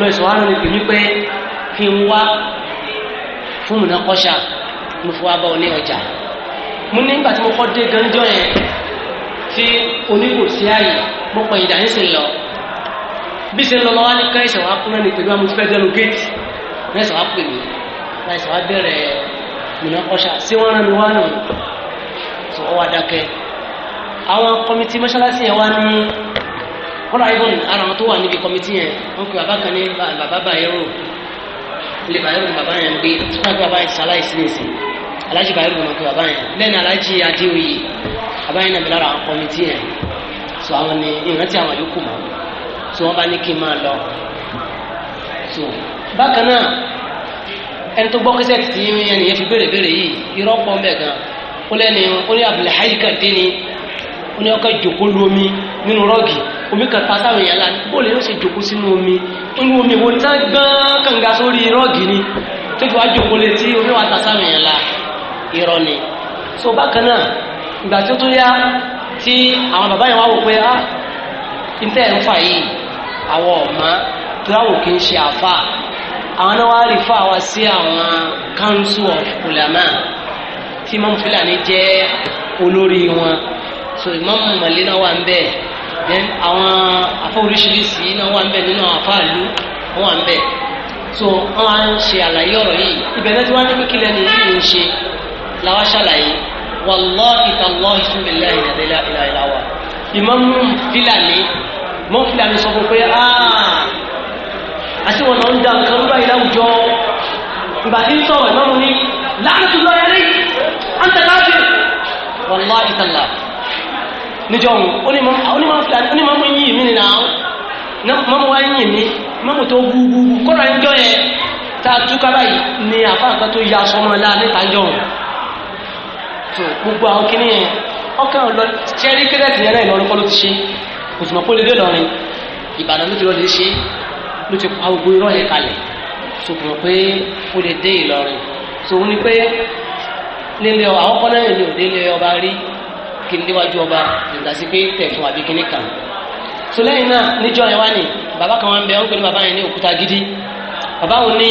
lọ ìsìn wàhálà ní pèmí pé kí n wá fún mi náà kọ́ṣà mo fi wá bá ọ ní ọjà mo ní nígbà tí mo kọ́ dé gánjọ́ yẹn tí oníkòsí ààyè mo pọ̀ ìdá ń sìn lọ bí ṣe ń lọ lọ́wọ́ ní káyìsàn wá kúrò ní pẹ̀lú àmọ́ fẹ́ dẹnu géètì mẹ́sàn-án wá pè mí láìsàn wá bẹ̀rẹ̀ mìíràn kọ́ṣà sí wọ́n rán mi wá nù tó ọwọ́ adákẹ́ àwọn kọ́mítì mọ́ṣáláṣí yẹn wá ní kọ́lá ibùn ara wọn tó wà níbi kọ́mítì yẹn wọ́n pe bàbá kan ní bàbá bàyẹ̀rò ilé bàyẹ̀rò ni bàbá yẹn ń gbé wọ́n pe bàbá yẹn ṣaláìsí ní alájì bàyẹ̀rò ni wọ́n pe bàbá yẹn lẹ́nu alájì adéoyè bàbá yẹn nàbẹ̀ lára àwọn kọ́mítì yẹn so àwọn ni ìrántí àwọn yòókù mọ́ so wọ́n bá ní kí n máa lọ so bákan náà ẹni tó gbọ́ kẹsẹ̀ tí yẹn yẹn fi béèrè béèrè yìí irọ́ pọ̀ mẹ́gan ó lẹ́ni ó ní abdulhayi ni ó ní ọkọ̀ ìjòkó lu omi nínú rọ́ọ̀gì omi kan ta sáwọn èèyàn lánàá bóòlù yóò ṣe jòkó sínú omi inú omi wo tán gán kànga sórí rọ́ọ̀gì ni tó fi wá jòkó lé tí omi wa sáwọn èèyàn la irọ́ ni so bákan náà ìgbà tó tó yá tí àwọn bàbá yẹn wá wò pé ah ntẹ́ ń fà yìí àwọn ọ̀ma tó láwò kí n ṣe àfà àwọn náà wá rí fà wá sí àwọn council of ulama tí mọ́mú fúlàní jẹ́ olórí wọn so ìmáàmù màlẹ́ náà wà ń then àwọn afọ oríṣiríṣi náà wà ń bẹ̀ nínú àwọn afáàlú wọ́n so wọ́n á ń ṣe àlàyé ọ̀rọ̀ yìí ìbẹ̀rẹ̀ tí wọ́n á ní kíkí lẹ́nu yìí ń ṣe làwa ṣàlàyé wàlláhi tàlláhi sùnmíláhi nàdẹ́lá ìlàwà ìmáàmù fílàní mọ́ fílàní sọ fún pé ah, àti wọn náà ń da nǹkan rúbá yìí láwùjọ ìgbà tí ń sọ̀rọ̀ ìmáàmù ní láàrín tó níjọ́ òun onímọ̀ mú yìí mí nìyà mọ́ mú wá yìí mí mọ́ mú tó gbúgbúgbú kọ́ra ń jọ yẹ tá a túká báyìí ni àfáàkọ́ tó ya sọmọ láà níta jọ òun tó gbogbo àwọn kìíní yẹn ọkàn lọ ṣẹ́rí kẹ́rẹ́tì yẹn náà Ìlọrin kọ́ ló ti ṣe kò sì mọ̀ pé lédè Ìlọrin ti lọ́ọ́ lè ṣe ti pa gbogbo irọ́ yẹn kalẹ̀ tó kò mọ̀ pé ó lè dé Ìlọrin tó ní pé nílé àwọn kọ́nà ìlú òdélé ọba kí níwájú ọba ìdásí pé tẹ̀fún àbí kíní kan so náà níjọ́ yẹn wá bàbá kan wá ń bẹ ọ́n pè bàbá yẹn ní òkúta gidi bàbá òun ní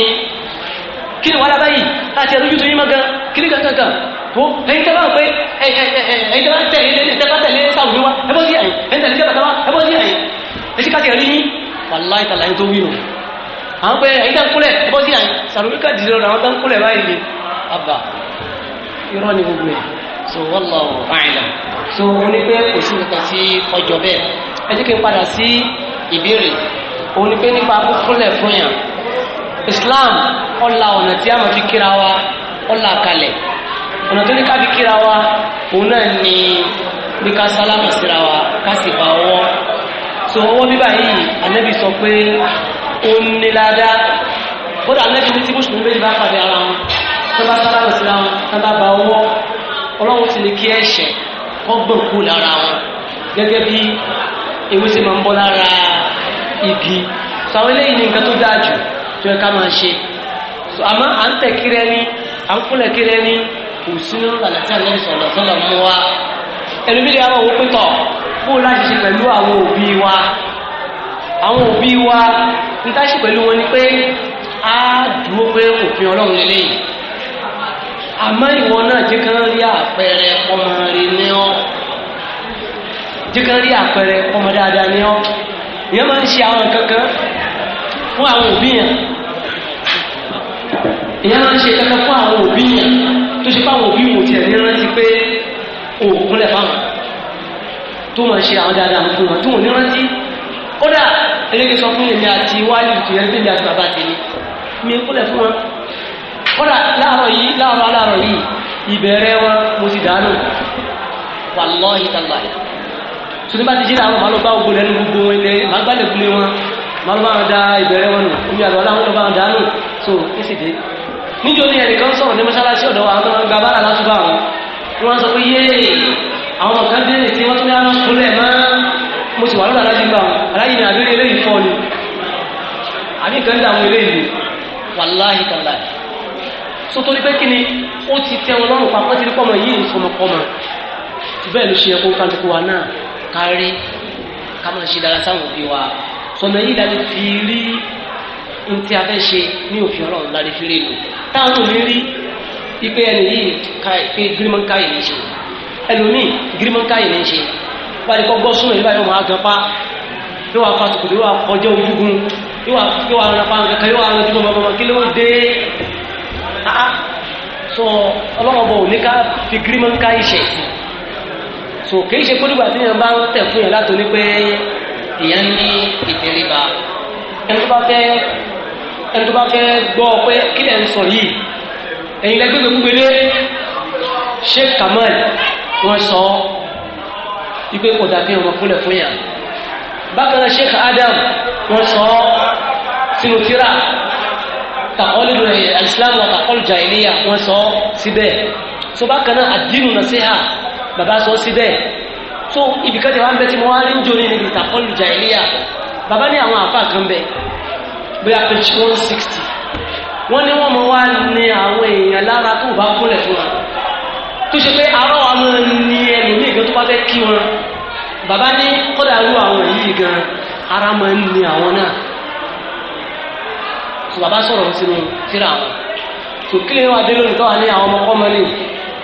kí ni wàhálà báyìí àti ẹ̀rú jùtò yín mọ́ gan kí ni kankan kan wo ẹ̀yin tẹ́ bá ń pé ẹ̀yin tẹ́ bá ń tẹ̀lé ẹ̀yin tẹ́ bá tẹ̀lé sáwùjú wa ẹ bọ́ sí ẹ̀yin ẹ̀yin tẹ̀lé tẹ́ bàtà wa ẹ bọ́ sí ẹ̀yin ẹ̀sì ká tẹ̀lé yín wàláì tàlà yín tó wí nù à ń pé ẹ̀yin tẹ́ ń kúlẹ̀ ẹ bọ́ sí ẹ̀yin sàrùmí so wallahu a'lam so oní pé kò sí nǹkan sí ọjọ́ bẹ́ẹ̀ ẹ jẹ́ kí n padà sí ìbéèrè oní pé nípa kúkúlẹ̀ fún yàn islam ọ̀la ọ̀nà tí a máa fi kíra wa ọ̀la kalẹ̀ ọ̀nà tó ní ká fi kíra wa òun náà ni pé ká sálámà síra wa ká sì bá ọwọ́ so ọwọ́ bíbá yìí ànábì sọ pé ó ní ládàá kódà ànábì ní tí mùsùlùmí méjì bá pàdé ara wọn tó bá sálámà síra wọn tó bá bá ọwọ́ ọlọ́run sì ní kí ẹ̀ṣẹ̀ kọ́ gbọ̀n kú lára wọn gẹ́gẹ́ bí ewé ṣe máa ń bọ́ lára igi sọ àwọn eléyìí ní nǹkan tó dáa jù tó yẹ ká máa ṣe sọ àmọ́ à ń tẹ̀ kiri ẹni à ń kúlẹ̀ kiri ẹni kò sí nínú làlàtí àlẹ́ sọ̀rọ̀ sọ̀rọ̀ mú wa ẹnu bí ìyá wọn wò tọ̀ kó láti ṣe pẹ̀lú àwọn òbí wa àwọn òbí wa ń táṣì pẹ̀lú wọn ni pé á dúró pé òfin ọlọ́run lélẹ́yìí àmọ́ ìwọ náà jẹ́ kán rí àpẹẹrẹ ọmọ rẹ ní ọ́ jẹ́ kán rí àpẹẹrẹ ọmọ dáadáa ní ọ́ ìyẹn máa ń ṣe àwọn kankan fún àwọn òbí yẹn ìyẹn máa ń ṣe kankan fún àwọn òbí yẹn tó ṣe fáwọn òbí wò tiẹ̀ ní rántí pé òògùn lẹ̀ fáwọn tó máa ṣe àwọn dáadáa fún wọn tó wọn ní rántí kódà eléyìí sọ fún èmi àti wáyé ìtìyẹn bí àti bàbá tèmi mi kúlẹ̀ fún wọn kọ́dà láàárọ̀ yìí láàárọ̀ aláàárọ̀ yìí ìbẹ̀rẹ̀ wọn mo ti dànù wàlọ́ọ̀hì tàlàyé sùnú bá ti jí láàárọ̀ máa lọ bá ogun lẹ́nu gbogbo ilẹ̀ máa gbálẹ̀ wọn máa lọ bá wọn da ìbẹ̀rẹ̀ wọn nù omi àlọ́ aláwọn lọ wọn dànù so èsì dé níjó ní ẹnìkan sọ̀rọ̀ ní mọ́ṣáláṣí ọ̀dọ̀ àwọn tó máa ni wọ́n sọ pé yé àwọn ọ̀kan dé tí wọ́n tún dáná kúnlẹ̀ máa mo sì wà lọ́dọ̀ alájí gbà wọn alájí ní àbí eléyìí fọ́ ni àbí nǹkan dààmú eléyìí wàláhì kàláhì so torí pé kí ni ó ti tẹ wọn lọ́rùn papọ̀ tí nípọ̀mọ̀ yìí ń fọmọkọmọ bẹ́ẹ̀ ló ṣe ẹkún kálukú wa náà kárí ká máa ṣe dára sáwọn òbí wa sọmọ yìí láti fi rí n tí a fẹ́ ṣe ní òfin ọlọ́run láti fi rí lò táwọn ò ní rí ipe ẹni yìí pé gírímọ̀ǹkà yìí ń ṣe ẹlòmíì gírímọ̀ǹkà yìí ń ṣe wọ́n ti kọ́ gbọ́ súnmọ̀ yìí báyìí wọ́n gan pa yóò wá fatukù yóò wá kọjá ojúgun yóò wá yóò wá nǹkan yóò wá rẹpa nǹkan kí ló dé náà ah, so ọlọ́wọ́ bọ̀ ò ní ká fi gírímọ̀ ń ká iṣẹ́ so kì í ṣe pé nígbà tí èèyàn bá ń tẹ̀ fún yàn látòlí pé èèyàn ní ìtẹríba ẹni tó bá fẹ́ ẹni tó gbọ́ pé kí lẹ̀ ń sọ yìí ẹ̀yin lẹ́gbẹ̀gbẹ̀ gbúgbélé Sheikh Kamal wọ́n sọ ipe kò dàbí ọmọ fúnlẹ̀ fún yàn bákan náà Sheikh Adam wọ́n sọ sínú kàkọ́lì rẹ̀ islam wa kàkọ́lì jahiliya wọ́n sọ síbẹ̀ so bákan na àdínù nasiha bàbá sọ síbẹ̀ so ibìkan tí wọ́n bẹ tí mo wá rí ń jóni níbi kàkọ́lì jahiliya bàbá ní àwọn àfa kan bẹ bóyá page one sixty wọ́n ní wọ́n mọ wá ní àwọn èèyàn lára tó bá kúnlẹ̀ fún wa tó ṣe pé arọ́ wa mọ ní ẹlòmíì gan tó bá fẹ́ kí wọn bàbá ní kọ́dà rú àwọn yìí gan ara mọ ní àwọn náà tó bàbá sọ̀rọ̀ sínú tíra wọn tó kílẹ̀ wà dé lónìí káwà ní àwọn ọmọkọ́mọ ní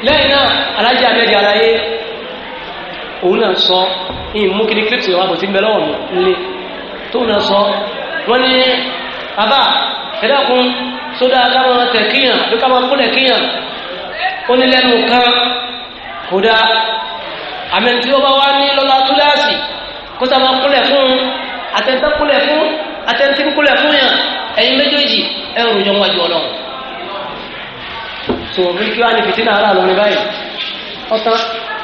lẹ́yìn náà alájí amẹ́jì aláyé òun náà sọ ìmú kí ní kíríptì wà bọ̀tí gbẹ lọ́wọ́ mi lé tó náà sọ wọ́n ní bàbá ẹ̀dàkùn sódà káwọn tẹ̀ kíyàn ló káwọn kúlẹ̀ kíyàn ó ní lẹ́nu kan kódà àmì tí ó bá wá ní lọ́la túláàsì kó sábà kúlẹ̀ fún àtẹ̀ntẹ́kúlẹ̀ fún àtẹ̀ntẹ́kúlẹ̀ fún yàn ẹ̀yin méjèèjì ẹ ń rojọ́ wájú ọlọ́run tó ríkí wá ní fìtínà ara lórí báyìí ọ̀tán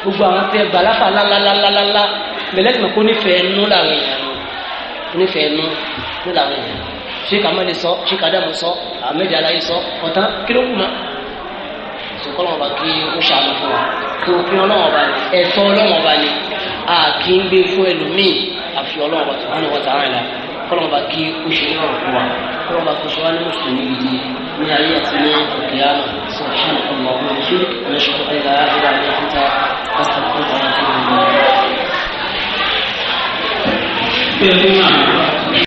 gbogbo àwọn tẹ bàláfà lálálálálá mẹlẹ́gbẹ̀ẹ́ kó nífẹ̀ẹ́ nú làwọn èèyàn nífẹ̀ẹ́ nú ní làwọn èèyàn ṣéka mẹ́lẹ sọ ṣéka dàmú sọ àmẹ́dì aláyé sọ ọ̀tán kí ló kù mọ́ sọkọlọ́ ọba kí ó ṣàánú fún wa tó fi ọlọ́wọ́n ọba ni ẹ̀tọ́ ọlọ́wọ́n ọba ni a kì í gbé fún ẹlòmíì àfi ọlọ́wọ́n ọba tó hánú wọ́n ta ara ẹ̀ lára kọlọmọba kí ó ṣe ní ọ̀rọ̀ fún wa kọlọmọba kó ṣe wá ní mùsùlùmí gidi ní ayé àti ní òkè àmà sọ̀rọ̀ ọmọ ọmọ ìṣe ọ̀nàṣọ́ ẹ̀dá ẹ̀dá ẹ̀dá ẹ̀dá pásítọ̀ fún ọ̀rọ̀ fún ọ̀rọ̀